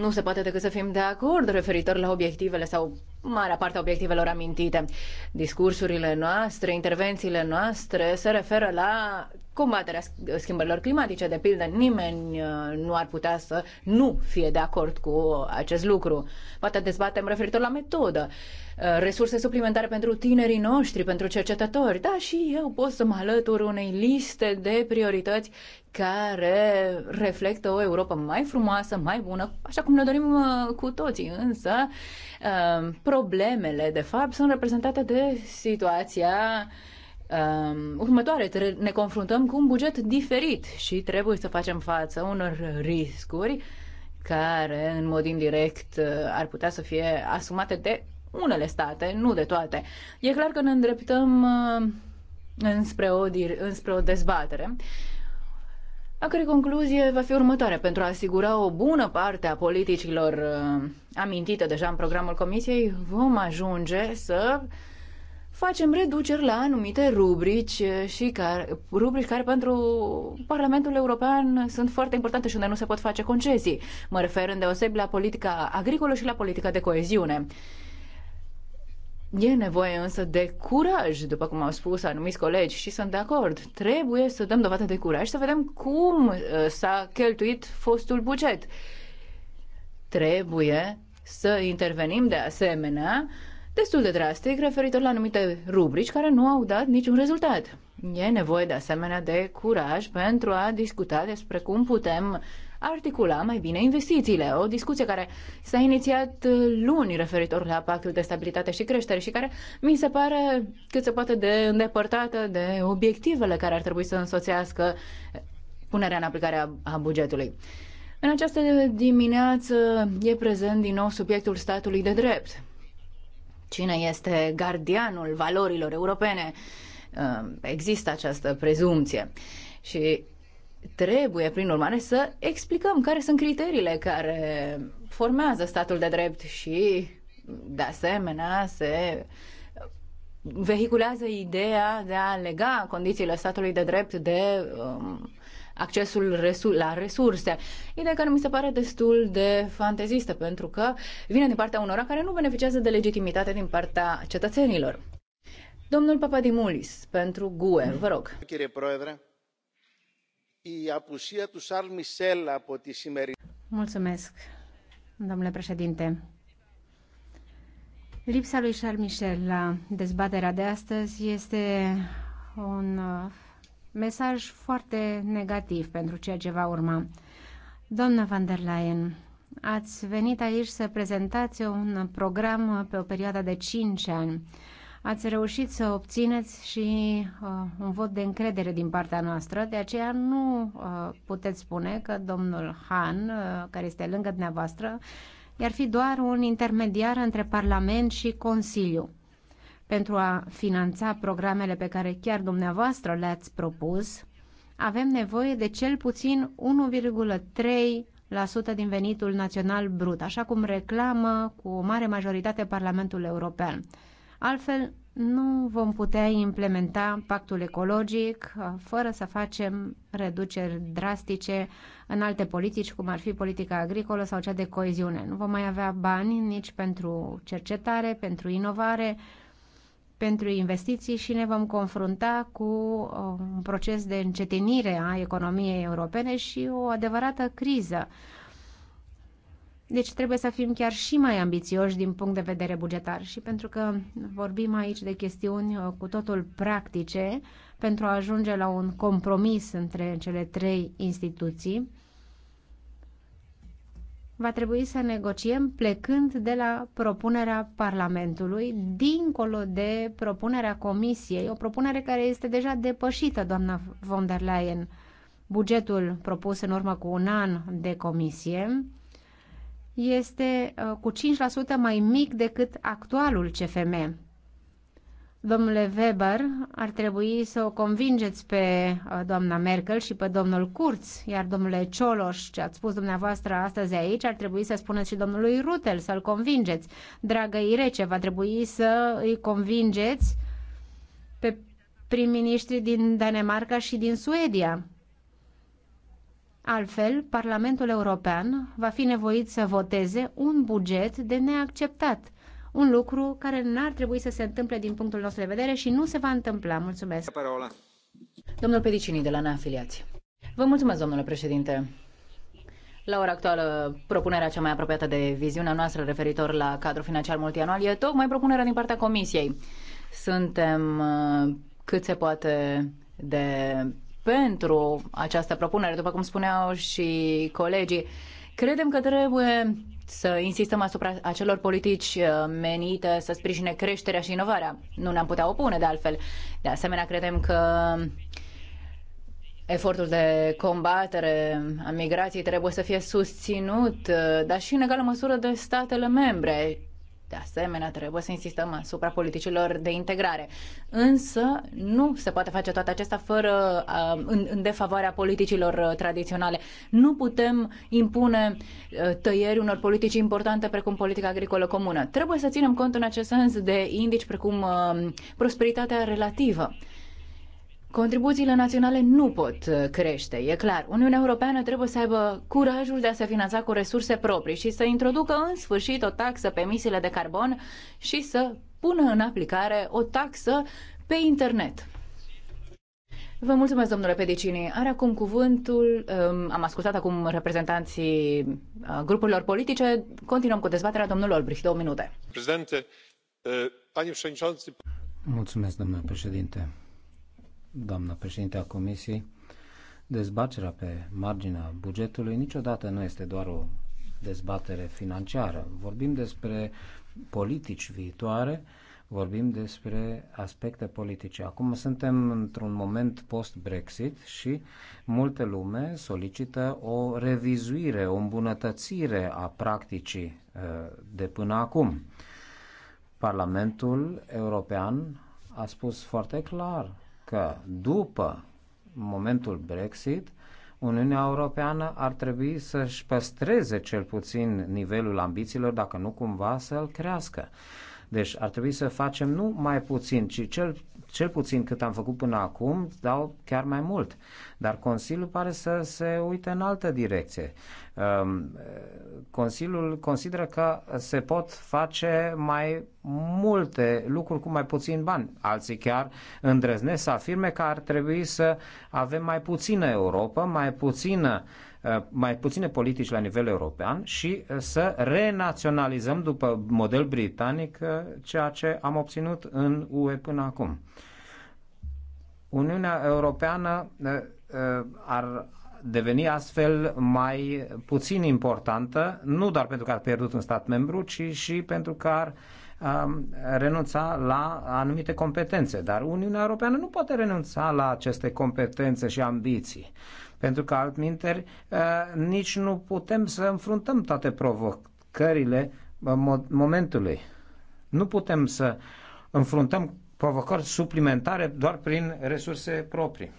nu se poate decât să fim de acord referitor la obiectivele sau marea parte a obiectivelor amintite. Discursurile noastre, intervențiile noastre se referă la combaterea schimbărilor climatice. De pildă, nimeni uh, nu ar putea să nu fie de acord cu acest lucru. Poate dezbatem referitor la metodă, uh, resurse suplimentare pentru tinerii noștri, pentru cercetători. Da, și eu pot să mă alătur unei liste de priorități care reflectă o Europa mai frumoasă, mai bună, așa cum ne dorim uh, cu toții. Însă, problemele, de fapt, sunt reprezentate de situația următoare. Ne confruntăm cu un buget diferit și trebuie să facem față unor riscuri care, în mod indirect, ar putea să fie asumate de unele state, nu de toate. E clar că ne îndreptăm uh, înspre o, înspre o dezbatere a cărei concluzie va fi următoare: Pentru a asigura o bună parte a politicilor uh, amintite deja în programul Comisiei, vom ajunge să facem reduceri la anumite rubrici eh, și care, rubrici care pentru Parlamentul European sunt foarte importante și unde nu se pot face concesii. Mă refer deosebi la politica agricolă și la politica de coeziune. E nevoie însă de curaj, după cum au spus anumiți colegi și sunt de acord. Trebuie să dăm dovadă de curaj, să vedem cum eh, s-a cheltuit fostul buget. Trebuie să intervenim de asemenea uh, destul de drastic referitor la anumite rubrici care nu au dat niciun rezultat. E nevoie de asemenea de curaj pentru a discuta despre cum putem articula mai bine investițiile. O discuție care s-a inițiat uh, luni referitor la pactul de stabilitate și creștere și care mi se pare cât se poate de îndepărtată de obiectivele care ar trebui să însoțească punerea în aplicare a bugetului. În această dimineață e prezent din nou subiectul statului de drept. Cine este gardianul valorilor europene? Um, există această prezumție. Și trebuie, prin urmare, să explicăm care sunt criteriile care formează statul de drept și, de asemenea, se vehiculează ideea de a lega condițiile statului de drept de um, accesul resu- la resurse. Ideea care mi se pare destul de fantezistă, pentru că vine din partea unora care nu beneficiază de legitimitate din partea cetățenilor. Domnul Papadimulis, pentru GUE, mm-hmm. vă rog. Mulțumesc, domnule președinte. Lipsa lui Charles Michel la dezbaterea de astăzi este un uh, mesaj foarte negativ pentru ceea ce va urma. Doamna van der Leyen, ați venit aici să prezentați un program pe o perioadă de 5 ani. Ați reușit să obțineți și uh, un vot de încredere din partea noastră, de aceea nu uh, puteți spune că domnul Han, uh, care este lângă dumneavoastră, i-ar fi doar un intermediar între Parlament și Consiliu pentru a finanța programele pe care chiar dumneavoastră le-ați propus, avem nevoie de cel puțin 1,3% din venitul național brut, așa cum reclamă cu o mare majoritate Parlamentul European. Altfel, nu vom putea implementa pactul ecologic fără să facem reduceri drastice în alte politici, cum ar fi politica agricolă sau cea de coeziune. Nu vom mai avea bani nici pentru cercetare, pentru inovare, pentru investiții și ne vom confrunta cu uh, un proces de încetinire a economiei europene și o adevărată criză. Deci trebuie să fim chiar și mai ambițioși din punct de vedere bugetar și pentru că vorbim aici de chestiuni uh, cu totul practice pentru a ajunge la un compromis între cele trei instituții va trebui să negociem plecând de la propunerea Parlamentului, dincolo de propunerea Comisiei, o propunere care este deja depășită, doamna von der Leyen. Bugetul propus în urmă cu un an de Comisie este uh, cu 5% mai mic decât actualul CFM. Domnule Weber, ar trebui să o convingeți pe uh, doamna Merkel și pe domnul Kurz, iar domnule Cioloș, ce ați spus dumneavoastră astăzi aici, ar trebui să spuneți și domnului Rutel să-l convingeți. Dragă Irece, va trebui să îi convingeți pe prim-ministrii din Danemarca și din Suedia. Altfel, Parlamentul European va fi nevoit să voteze un buget de neacceptat – un lucru care n-ar trebui să se întâmple din punctul nostru de vedere și nu se va întâmpla. Mulțumesc. Parola. Domnul Pedicini de la Neafiliați. Vă mulțumesc, domnule președinte. La ora actuală, propunerea cea mai apropiată de viziunea noastră referitor la cadrul financiar multianual e tocmai propunerea din partea Comisiei. Suntem uh, cât se poate de pentru această propunere, după cum spuneau și colegii. Credem că trebuie să insistăm asupra acelor politici uh, menite să sprijine creșterea și inovarea. Nu ne-am putea opune de altfel. De asemenea, credem că efortul de combatere a migrației trebuie să fie susținut, uh, dar și în egală măsură de statele membre. De asemenea, trebuie să insistăm asupra politicilor de integrare. Însă, nu se poate face toate acestea fără, uh, în, în defavoarea politicilor uh, tradiționale. Nu putem impune uh, tăieri unor politici importante precum politica agricolă comună. Trebuie să ținem cont în acest sens de indici precum prosperitatea relativă. Contribuțiile naționale nu pot uh, crește, e clar. Uniunea Europeană trebuie să aibă curajul de a se finanța cu resurse proprii și să introducă în sfârșit o taxă pe emisiile de carbon și să pună în aplicare o taxă pe internet. Vă mulțumesc, domnule Pedicini. Are acum cuvântul, um, am ascultat acum reprezentanții uh, grupurilor politice. Continuăm cu dezbaterea. Domnul Olbrich, două minute. Președinte, uh, Mulțumesc, domnule președinte doamna președinte a Comisiei, dezbaterea pe marginea bugetului niciodată nu este doar o dezbatere financiară. Vorbim despre politici viitoare, vorbim despre aspecte politice. Acum suntem într-un moment post-Brexit și multe lume solicită o revizuire, o îmbunătățire a practicii uh, de până acum. Parlamentul European a spus foarte clar că după momentul Brexit, Uniunea Europeană ar trebui să-și păstreze cel puțin nivelul ambițiilor, dacă nu cumva să-l crească. Deci ar trebui să facem nu mai puțin, ci cel cel puțin cât am făcut până acum, dau chiar mai mult. Dar Consiliul pare să se uite în altă direcție. Um, Consiliul consideră că se pot face mai multe lucruri cu mai puțin bani. Alții chiar îndrăznesc să afirme că ar trebui să avem mai puțină Europa, mai puțină uh, Uh, mai puține politici la nivel european și uh, să renaționalizăm după model britanic uh, ceea ce am obținut în UE până acum. Uniunea Europeană ar deveni astfel mai puțin importantă, nu doar pentru că ar pierdut un stat membru, ci și pentru că ar um, renunța la anumite competențe. Dar Uniunea Europeană nu poate renunța la aceste competențe și ambiții. Pentru că altminteri uh, nici nu putem să înfruntăm toate provocările uh, momentului. Nu putem să înfruntăm provocări suplimentare doar prin resurse proprii.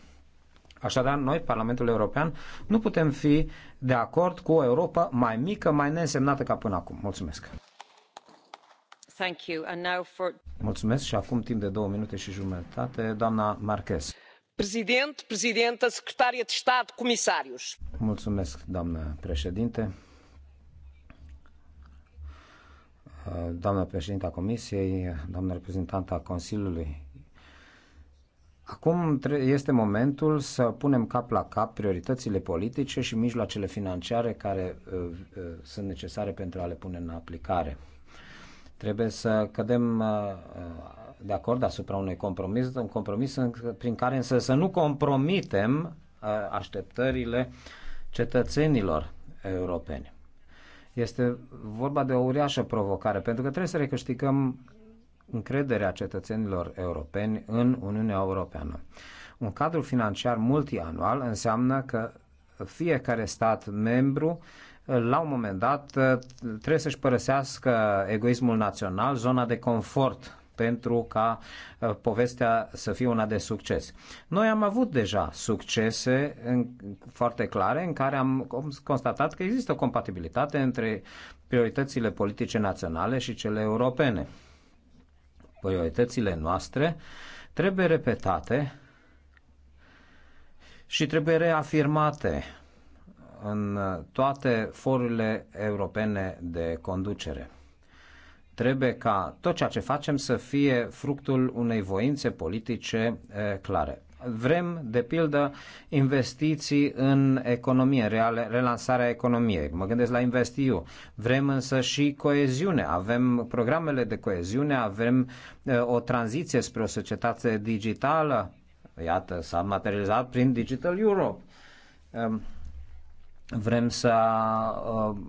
Așadar, noi, Parlamentul European, nu putem fi de acord cu o Europa mai mică, mai neînsemnată ca până acum. Mulțumesc! Thank you. And now for... Mulțumesc și acum timp de două minute și jumătate, doamna Marquez. Mulțumesc, doamnă președinte. Doamnă președinte a Comisiei, doamnă reprezentantă a Consiliului, Acum este momentul să punem cap la cap prioritățile politice și mijloacele financiare care uh, uh sunt necesare pentru a le pune în aplicare. Trebuie să cădem uh, de acord asupra unui compromis, un compromis prin care însă să nu compromitem uh, așteptările cetățenilor europeni. Este vorba de o uriașă provocare, pentru că trebuie să recâștigăm încrederea cetățenilor europeni în Uniunea Europeană. Un cadru financiar multianual înseamnă că fiecare stat membru uh, la un moment dat uh, trebuie să-și părăsească egoismul național, zona de confort pentru ca uh, povestea să fie una de succes. Noi am avut deja succese în, foarte clare în care am constatat că există o compatibilitate între prioritățile politice naționale și cele europene. Prioritățile noastre trebuie repetate și trebuie reafirmate în toate forurile europene de conducere. Trebuie ca tot ceea ce facem să fie fructul unei voințe politice eh, clare. Vrem, de pildă, investiții în economie, reale, relansarea economiei. Mă gândesc la InvestEU. Vrem însă și coeziune. Avem programele de coeziune, avem eh, o tranziție spre o societate digitală. Iată, s-a materializat prin Digital Europe ehm, vrem să eh,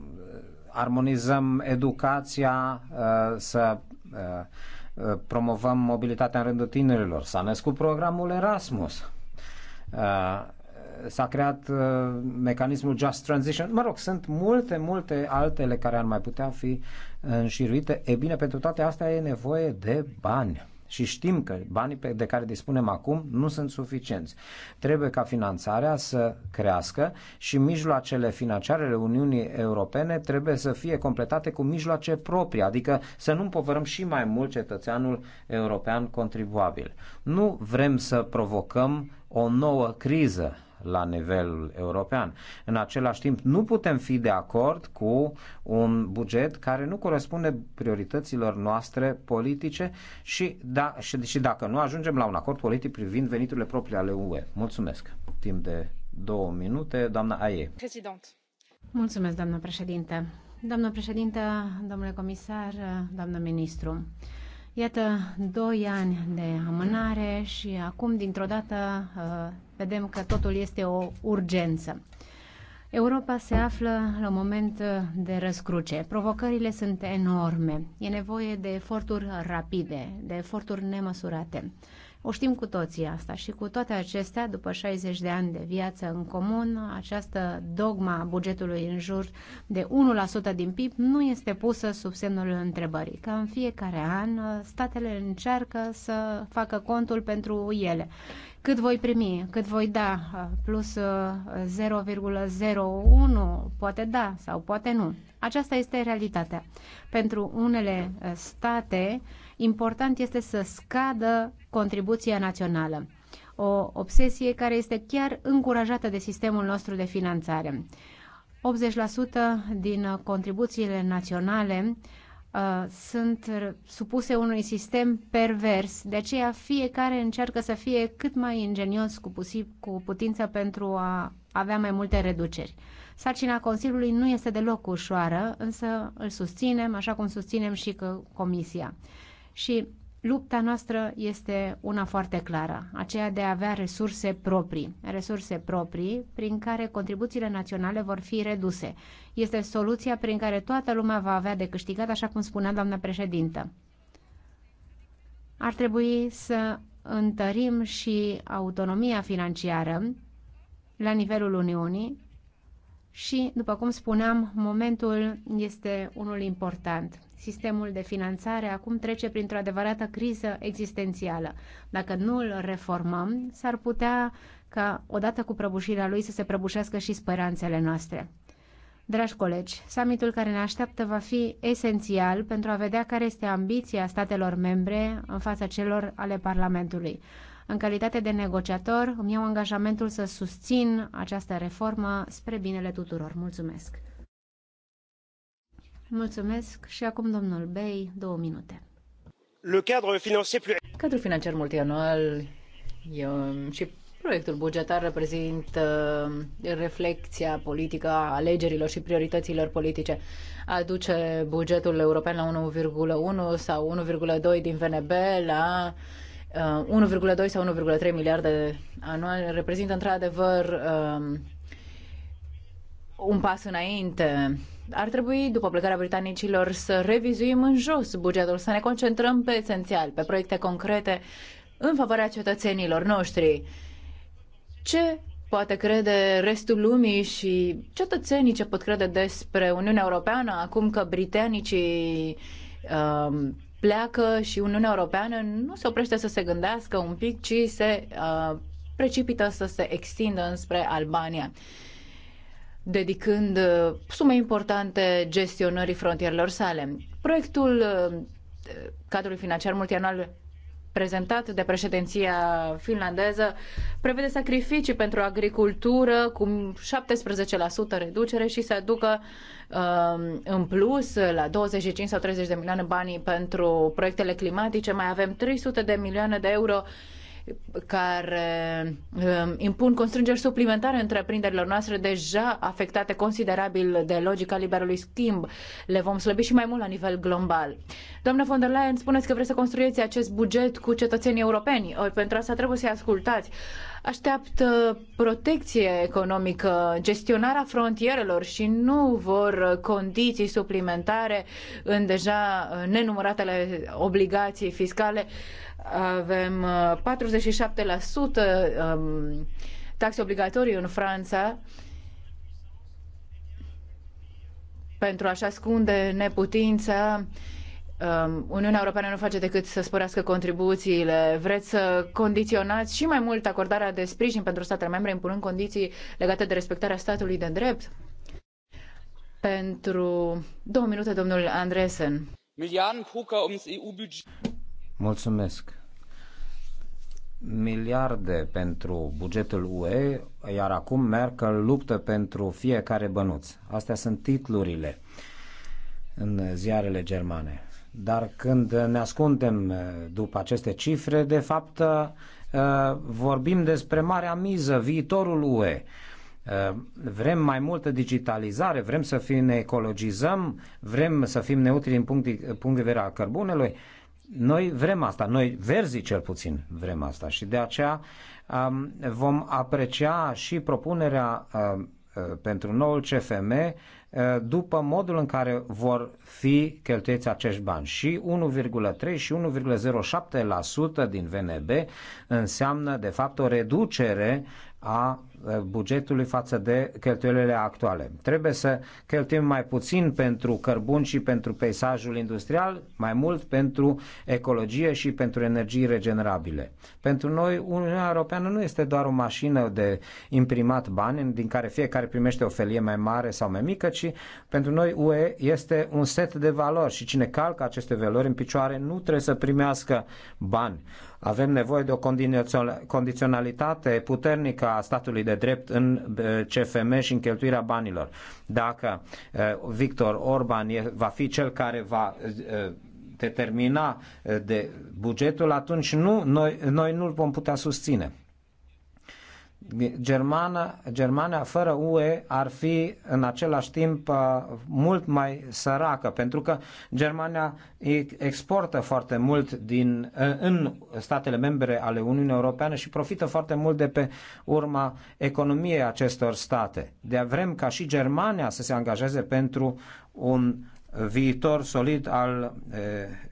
armonizăm educația, uh, să uh, uh, promovăm mobilitatea în rândul tinerilor. S-a născut programul Erasmus. S-a creat mecanismul Just Transition. Mă rog, sunt multe, multe altele care ar mai putea fi înșiruite. E bine, pentru toate astea e nevoie de bani și știm că banii de care dispunem acum nu sunt suficienți. Trebuie ca finanțarea să crească și mijloacele financiare ale Uniunii Europene trebuie să fie completate cu mijloace proprii, adică să nu împovărăm și mai mult cetățeanul european contribuabil. Nu vrem să provocăm o nouă criză la nivel european. În același timp, nu putem fi de acord cu un buget care nu corespunde priorităților noastre politice și, da, și, și dacă nu ajungem la un acord politic privind veniturile proprii ale UE. Mulțumesc. Timp de două minute, doamna Aie. Prezident. Mulțumesc, doamnă președinte. Doamnă președinte, domnule comisar, doamnă ministru. Iată, doi ani de amânare și acum, dintr-o dată, vedem că totul este o urgență. Europa se află la un moment uh, de răscruce. Provocările sunt enorme. E nevoie de eforturi rapide, de eforturi nemăsurate. O știm cu toții asta și cu toate acestea, după 60 de ani de viață în comun, această dogma bugetului în jur de 1% din PIB nu este pusă sub semnul întrebării. Ca în fiecare an, uh, statele încearcă să facă contul pentru ele cât voi primi, cât voi da, uh, plus 0,01, uh, poate da sau poate nu. Aceasta este realitatea. Pentru unele uh, state, important este să scadă contribuția națională. O obsesie care este chiar încurajată de sistemul nostru de finanțare. 80% din contribuțiile naționale uh, Uh, sunt supuse unui sistem pervers. De aceea fiecare încearcă să fie cât mai ingenios cu, pusi, cu putință pentru a avea mai multe reduceri. Sarcina Consiliului nu este deloc ușoară, însă îl susținem, așa cum susținem și că Comisia. Și Lupta noastră este una foarte clară, aceea de a avea resurse proprii. Resurse proprii prin care contribuțiile naționale vor fi reduse. Este soluția prin care toată lumea va avea de câștigat, așa cum spunea doamna președintă. Ar trebui să întărim și autonomia financiară la nivelul Uniunii și, după cum spuneam, momentul este unul important sistemul de finanțare acum trece printr-o adevărată criză existențială. Dacă nu îl reformăm, s-ar putea ca odată cu prăbușirea lui să se prăbușească și speranțele noastre. Dragi colegi, summitul care ne așteaptă va fi esențial pentru a vedea care este ambiția statelor membre în fața celor ale Parlamentului. În calitate de negociator, îmi iau angajamentul să susțin această reformă spre binele tuturor. Mulțumesc! Mulțumesc și acum domnul Bey, două minute. Le cadre financier plus... Cadrul financiar multianual și proiectul bugetar reprezintă uh, reflecția politică a alegerilor și priorităților politice. Aduce bugetul european la 1,1 sau 1,2 din VNB la 1,2 uh, sau 1,3 miliarde anual. Reprezintă într-adevăr uh, un pas înainte ar trebui, după plecarea britanicilor, să revizuim în jos bugetul, să ne concentrăm pe esențial, pe proiecte concrete în favoarea cetățenilor noștri. Ce poate crede restul lumii și cetățenii ce pot crede despre Uniunea Europeană acum că britanicii um, pleacă și Uniunea Europeană nu se oprește să se gândească un pic, ci se uh, precipită să se extindă înspre Albania dedicând uh, sume importante gestionării frontierelor sale. Proiectul uh, cadrului financiar multianual prezentat de președinția finlandeză prevede sacrificii pentru agricultură cu 17% reducere și se aducă um, în plus la 25 sau 30 de milioane bani pentru proiectele climatice. Mai avem 300 de milioane de euro care um, impun constrângeri suplimentare întreprinderilor noastre deja afectate considerabil de logica liberului schimb. Le vom slăbi și mai mult la nivel global. Doamna von der Leyen, spuneți că vreți să construiți acest buget cu cetățenii europeni. pentru asta trebuie să-i ascultați așteaptă protecție economică, gestionarea frontierelor și nu vor condiții suplimentare în deja nenumăratele obligații fiscale avem 47% uh, um, taxe obligatorii în Franța pentru a-și ascunde neputința um, Uniunea Europeană nu face decât să sporească contribuțiile. Vreți să condiționați și mai mult acordarea de sprijin pentru statele membre, impunând condiții legate de respectarea statului de drept? Pentru două minute, domnul Andresen Mulțumesc. Miliarde pentru bugetul UE, iar acum Merkel luptă pentru fiecare bănuț. Astea sunt titlurile în ziarele germane. Dar când ne ascundem eh, după aceste cifre, de fapt eh, vorbim despre marea miză, viitorul UE. Eh, vrem mai multă digitalizare, vrem să fim, ne ecologizăm, vrem să fim neutri din punct de, punct de vedere al cărbunelui noi vrem asta, noi verzii cel puțin vrem asta și de aceea um, vom aprecia și propunerea uh, uh pentru noul CFM uh, după modul în care vor fi cheltuiți acești bani. Și 1,3 și 1,07% din VNB înseamnă, de fapt, o reducere a eh, bugetului față de cheltuielile actuale. Trebuie să cheltuim mai puțin pentru cărbun și pentru peisajul industrial, mai mult pentru ecologie și pentru energii regenerabile. Pentru noi, Uniunea Europeană nu este doar o mașină de imprimat bani din care fiecare primește o felie mai mare sau mai mică, ci pentru noi UE este un set de valori și cine calcă aceste valori în picioare nu trebuie să primească bani. Avem nevoie de o condiționalitate puternică a statului de drept în CFM și în cheltuirea banilor. Dacă Victor Orban va fi cel care va determina de bugetul, atunci nu, noi, noi nu îl vom putea susține. Germana, Germania fără UE ar fi în același timp uh, mult mai săracă, pentru că Germania exportă foarte mult din, uh, în statele membre ale Uniunii Europene și profită foarte mult de pe urma economiei acestor state. De a vrem ca și Germania să se angajeze pentru un viitor solid al uh,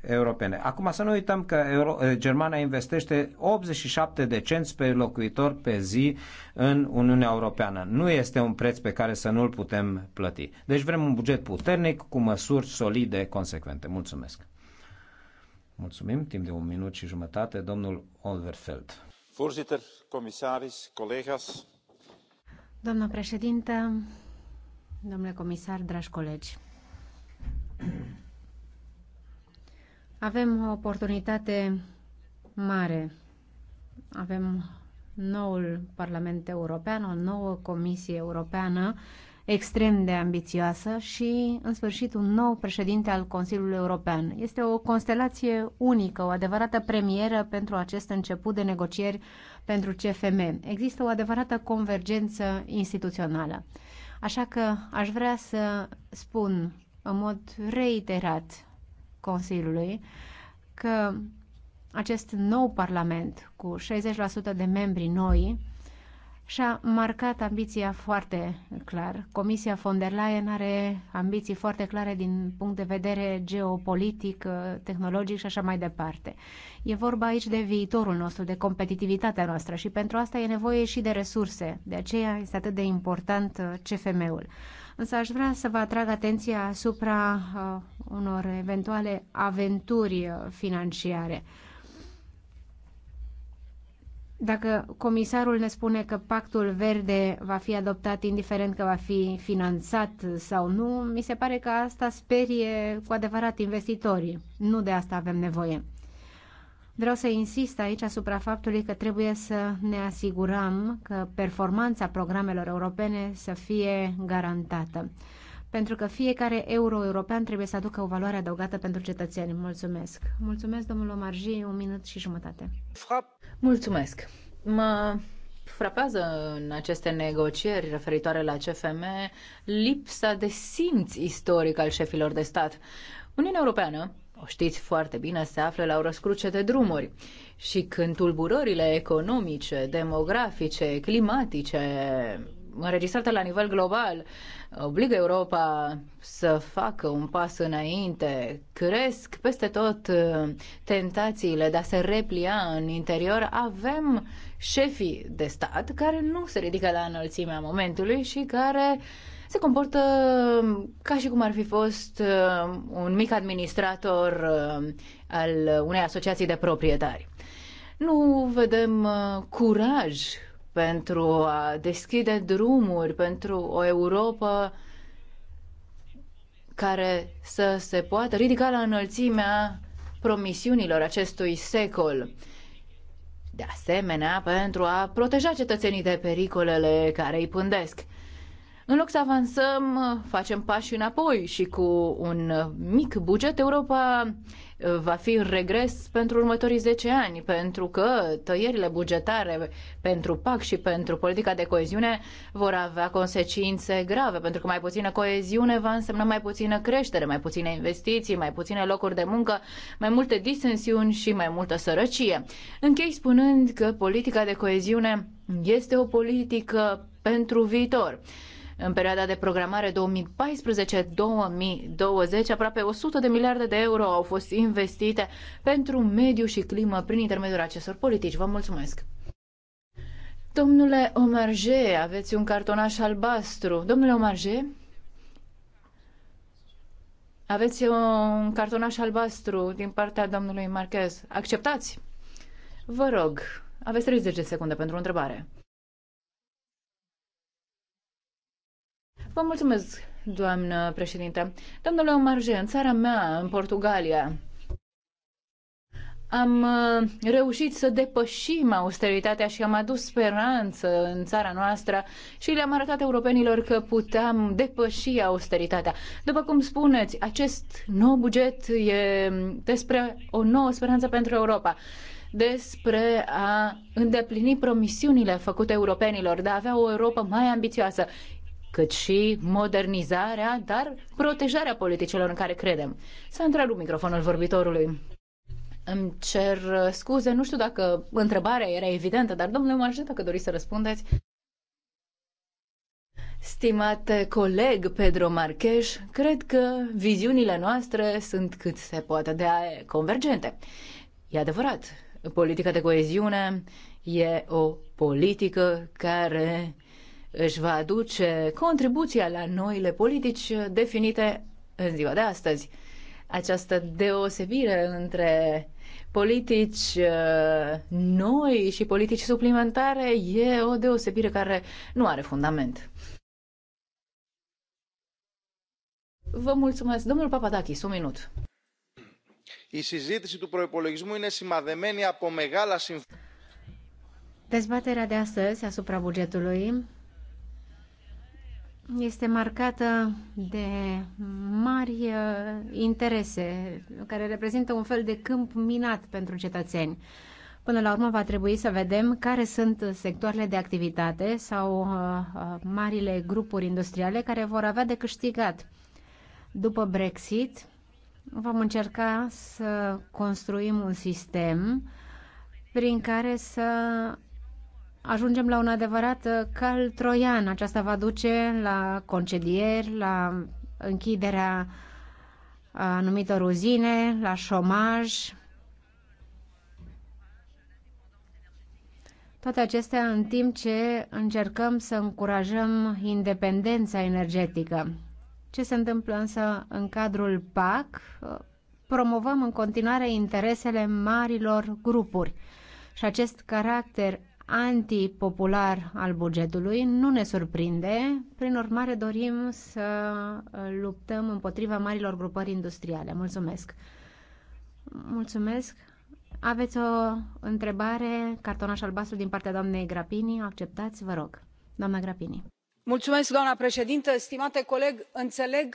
europene. Acum să nu uităm că Euro- Germania investește 87 de cenți pe locuitor pe zi în Uniunea Europeană. Nu este un preț pe care să nu-l putem plăti. Deci vrem un buget puternic cu măsuri solide, consecvente. Mulțumesc! Mulțumim. Timp de un minut și jumătate, domnul Olverfeld. Voorzitter, comisaris, colegas. Doamnă președintă, domnule comisar, dragi colegi, avem o oportunitate mare. Avem noul Parlament European, o nouă Comisie Europeană extrem de ambițioasă și, în sfârșit, un nou președinte al Consiliului European. Este o constelație unică, o adevărată premieră pentru acest început de negocieri pentru CFM. Există o adevărată convergență instituțională. Așa că aș vrea să spun în mod reiterat Consiliului că acest nou Parlament cu 60% de membri noi și-a marcat ambiția foarte clar. Comisia von der Leyen are ambiții foarte clare din punct de vedere geopolitic, tehnologic și așa mai departe. E vorba aici de viitorul nostru, de competitivitatea noastră și pentru asta e nevoie și de resurse. De aceea este atât de important CFM-ul. Însă aș vrea să vă atrag atenția asupra uh, unor eventuale aventuri uh, financiare. Dacă comisarul ne spune că pactul verde va fi adoptat indiferent că va fi finanțat sau nu, mi se pare că asta sperie cu adevărat investitorii. Nu de asta avem nevoie. Vreau să insist aici asupra faptului că trebuie să ne asigurăm că performanța programelor europene să fie garantată. Pentru că fiecare euro european trebuie să aducă o valoare adăugată pentru cetățeni. Mulțumesc. Mulțumesc, domnul Omarji, un minut și jumătate. Mulțumesc. Mă frapează în aceste negocieri referitoare la CFM lipsa de simț istoric al șefilor de stat. Uniunea Europeană o știți foarte bine, se află la o răscruce de drumuri. Și când tulburările economice, demografice, climatice, înregistrate la nivel global, obligă Europa să facă un pas înainte, cresc peste tot uh, tentațiile de a se replia în interior, avem șefii de stat care nu se ridică la înălțimea momentului și care uh, se comportă um, ca și cum ar fi fost um, un mic administrator um, al unei asociații de proprietari. Nu vedem uh, curaj pentru a deschide drumuri pentru o Europa care să se poată ridica la înălțimea promisiunilor acestui secol. De asemenea, pentru a proteja cetățenii de pericolele care îi pândesc. În loc să avansăm, facem pași înapoi și cu un mic buget Europa uh, va fi în regres pentru următorii 10 ani, pentru că tăierile bugetare pentru PAC și pentru politica de coeziune vor avea consecințe grave, pentru că mai puțină coeziune va însemna mai puțină creștere, mai puține investiții, mai puține locuri de muncă, mai multe disensiuni și mai multă sărăcie. Închei spunând că politica de coeziune este o politică pentru viitor. În perioada de programare 2014-2020, aproape 100 de miliarde de euro au fost investite pentru mediu și climă prin intermediul acestor politici. Vă mulțumesc! Domnule Omarje, aveți un cartonaș albastru. Domnule Omarje, aveți un cartonaș albastru din partea domnului Marchez. Acceptați? Vă rog, aveți 30 de secunde pentru o întrebare. Vă mulțumesc, doamnă președinte. Domnule Omarje, în țara mea, în Portugalia, am uh, reușit să depășim austeritatea și am adus speranță în țara noastră și le-am arătat europenilor că puteam depăși austeritatea. După cum spuneți, acest nou buget e despre o nouă speranță pentru Europa despre a îndeplini promisiunile făcute europenilor, de a avea o Europa mai ambițioasă cât și modernizarea, dar protejarea politicilor în care credem. Să întrerup microfonul vorbitorului. Îmi cer scuze, nu știu dacă întrebarea era evidentă, dar domnule Marjă, dacă doriți să răspundeți. Stimate coleg Pedro Marcheș, cred că viziunile noastre sunt cât se poate de convergente. E adevărat, politica de coeziune e o politică care își va aduce contribuția la noile politici definite în ziua de astăzi. Această deosebire între politici uh, noi și politici suplimentare e o deosebire care nu are fundament. Vă mulțumesc. Domnul Papadakis, un minut. Η συζήτηση του προπολογισμού είναι σημαδεμένη από μεγάλα συμφέροντα. Dezbaterea de astăzi asupra bugetului este marcată de mari uh, interese, care reprezintă un fel de câmp minat pentru cetățeni. Până la urmă va trebui să vedem care sunt sectoarele de activitate sau uh, uh marile grupuri industriale care vor avea de câștigat. După Brexit vom încerca să construim un sistem prin care să ajungem la un adevărat uh, cal troian. Aceasta va duce la concedieri, la închiderea anumitor uzine, la șomaj. Toate acestea în timp ce încercăm să încurajăm independența energetică. Ce se întâmplă însă în cadrul PAC? Uh, promovăm în continuare interesele marilor grupuri. Și acest caracter antipopular al bugetului nu ne surprinde, prin urmare dorim să uh, luptăm împotriva marilor grupări industriale. Mulțumesc! Mulțumesc! Aveți o întrebare, cartonaș albastru din partea doamnei Grapini, acceptați, vă rog. Doamna Grapini. Mulțumesc, doamna președintă, stimate coleg, înțeleg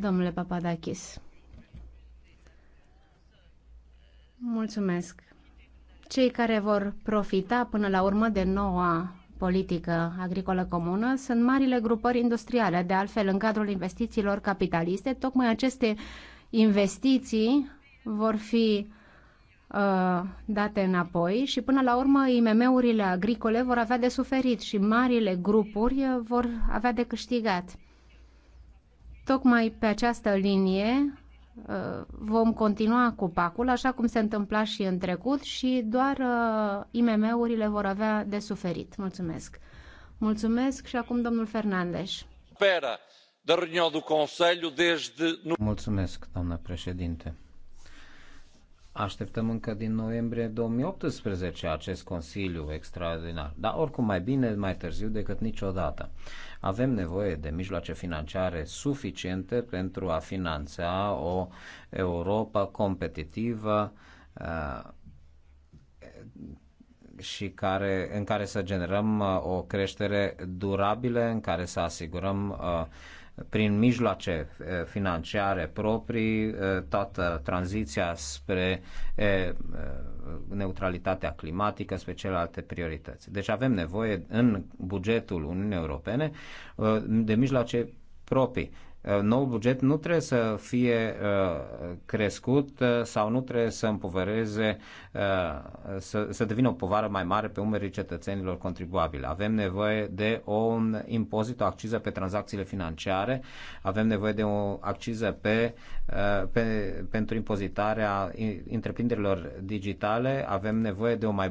Domnule Papadakis, mulțumesc. Cei care vor profita până la urmă de noua politică agricolă comună sunt marile grupări industriale. De altfel, în cadrul investițiilor capitaliste, tocmai aceste investiții vor fi uh, date înapoi și până la urmă IMM-urile agricole vor avea de suferit și marile grupuri uh, vor avea de câștigat. Tocmai pe această linie uh, vom continua cu pacul, așa cum se întâmpla și în trecut și doar uh, IMM-urile vor avea de suferit. Mulțumesc. Mulțumesc și acum domnul Fernandes. Pera, deci Mulțumesc, doamnă președinte. Așteptăm încă din noiembrie 2018 acest Consiliu extraordinar, dar oricum mai bine mai târziu decât niciodată. Avem nevoie de mijloace financiare suficiente pentru a finanța o Europa competitivă uh, și care, în care să generăm uh, o creștere durabilă, în care să asigurăm uh, prin mijloace eh, financiare proprii, eh, toată tranziția spre eh, neutralitatea climatică, spre celelalte priorități. Deci avem nevoie în bugetul Uniunii Europene de mijloace proprii Uh, noul buget nu trebuie să fie uh, crescut uh, sau nu trebuie să împovereze, să, să devină o povară mai mare pe umerii cetățenilor contribuabili. Avem nevoie de un impozit, o acciză pe tranzacțiile financiare, avem nevoie de o acciză pe, pe, pentru impozitarea întreprinderilor digitale, avem nevoie de o mai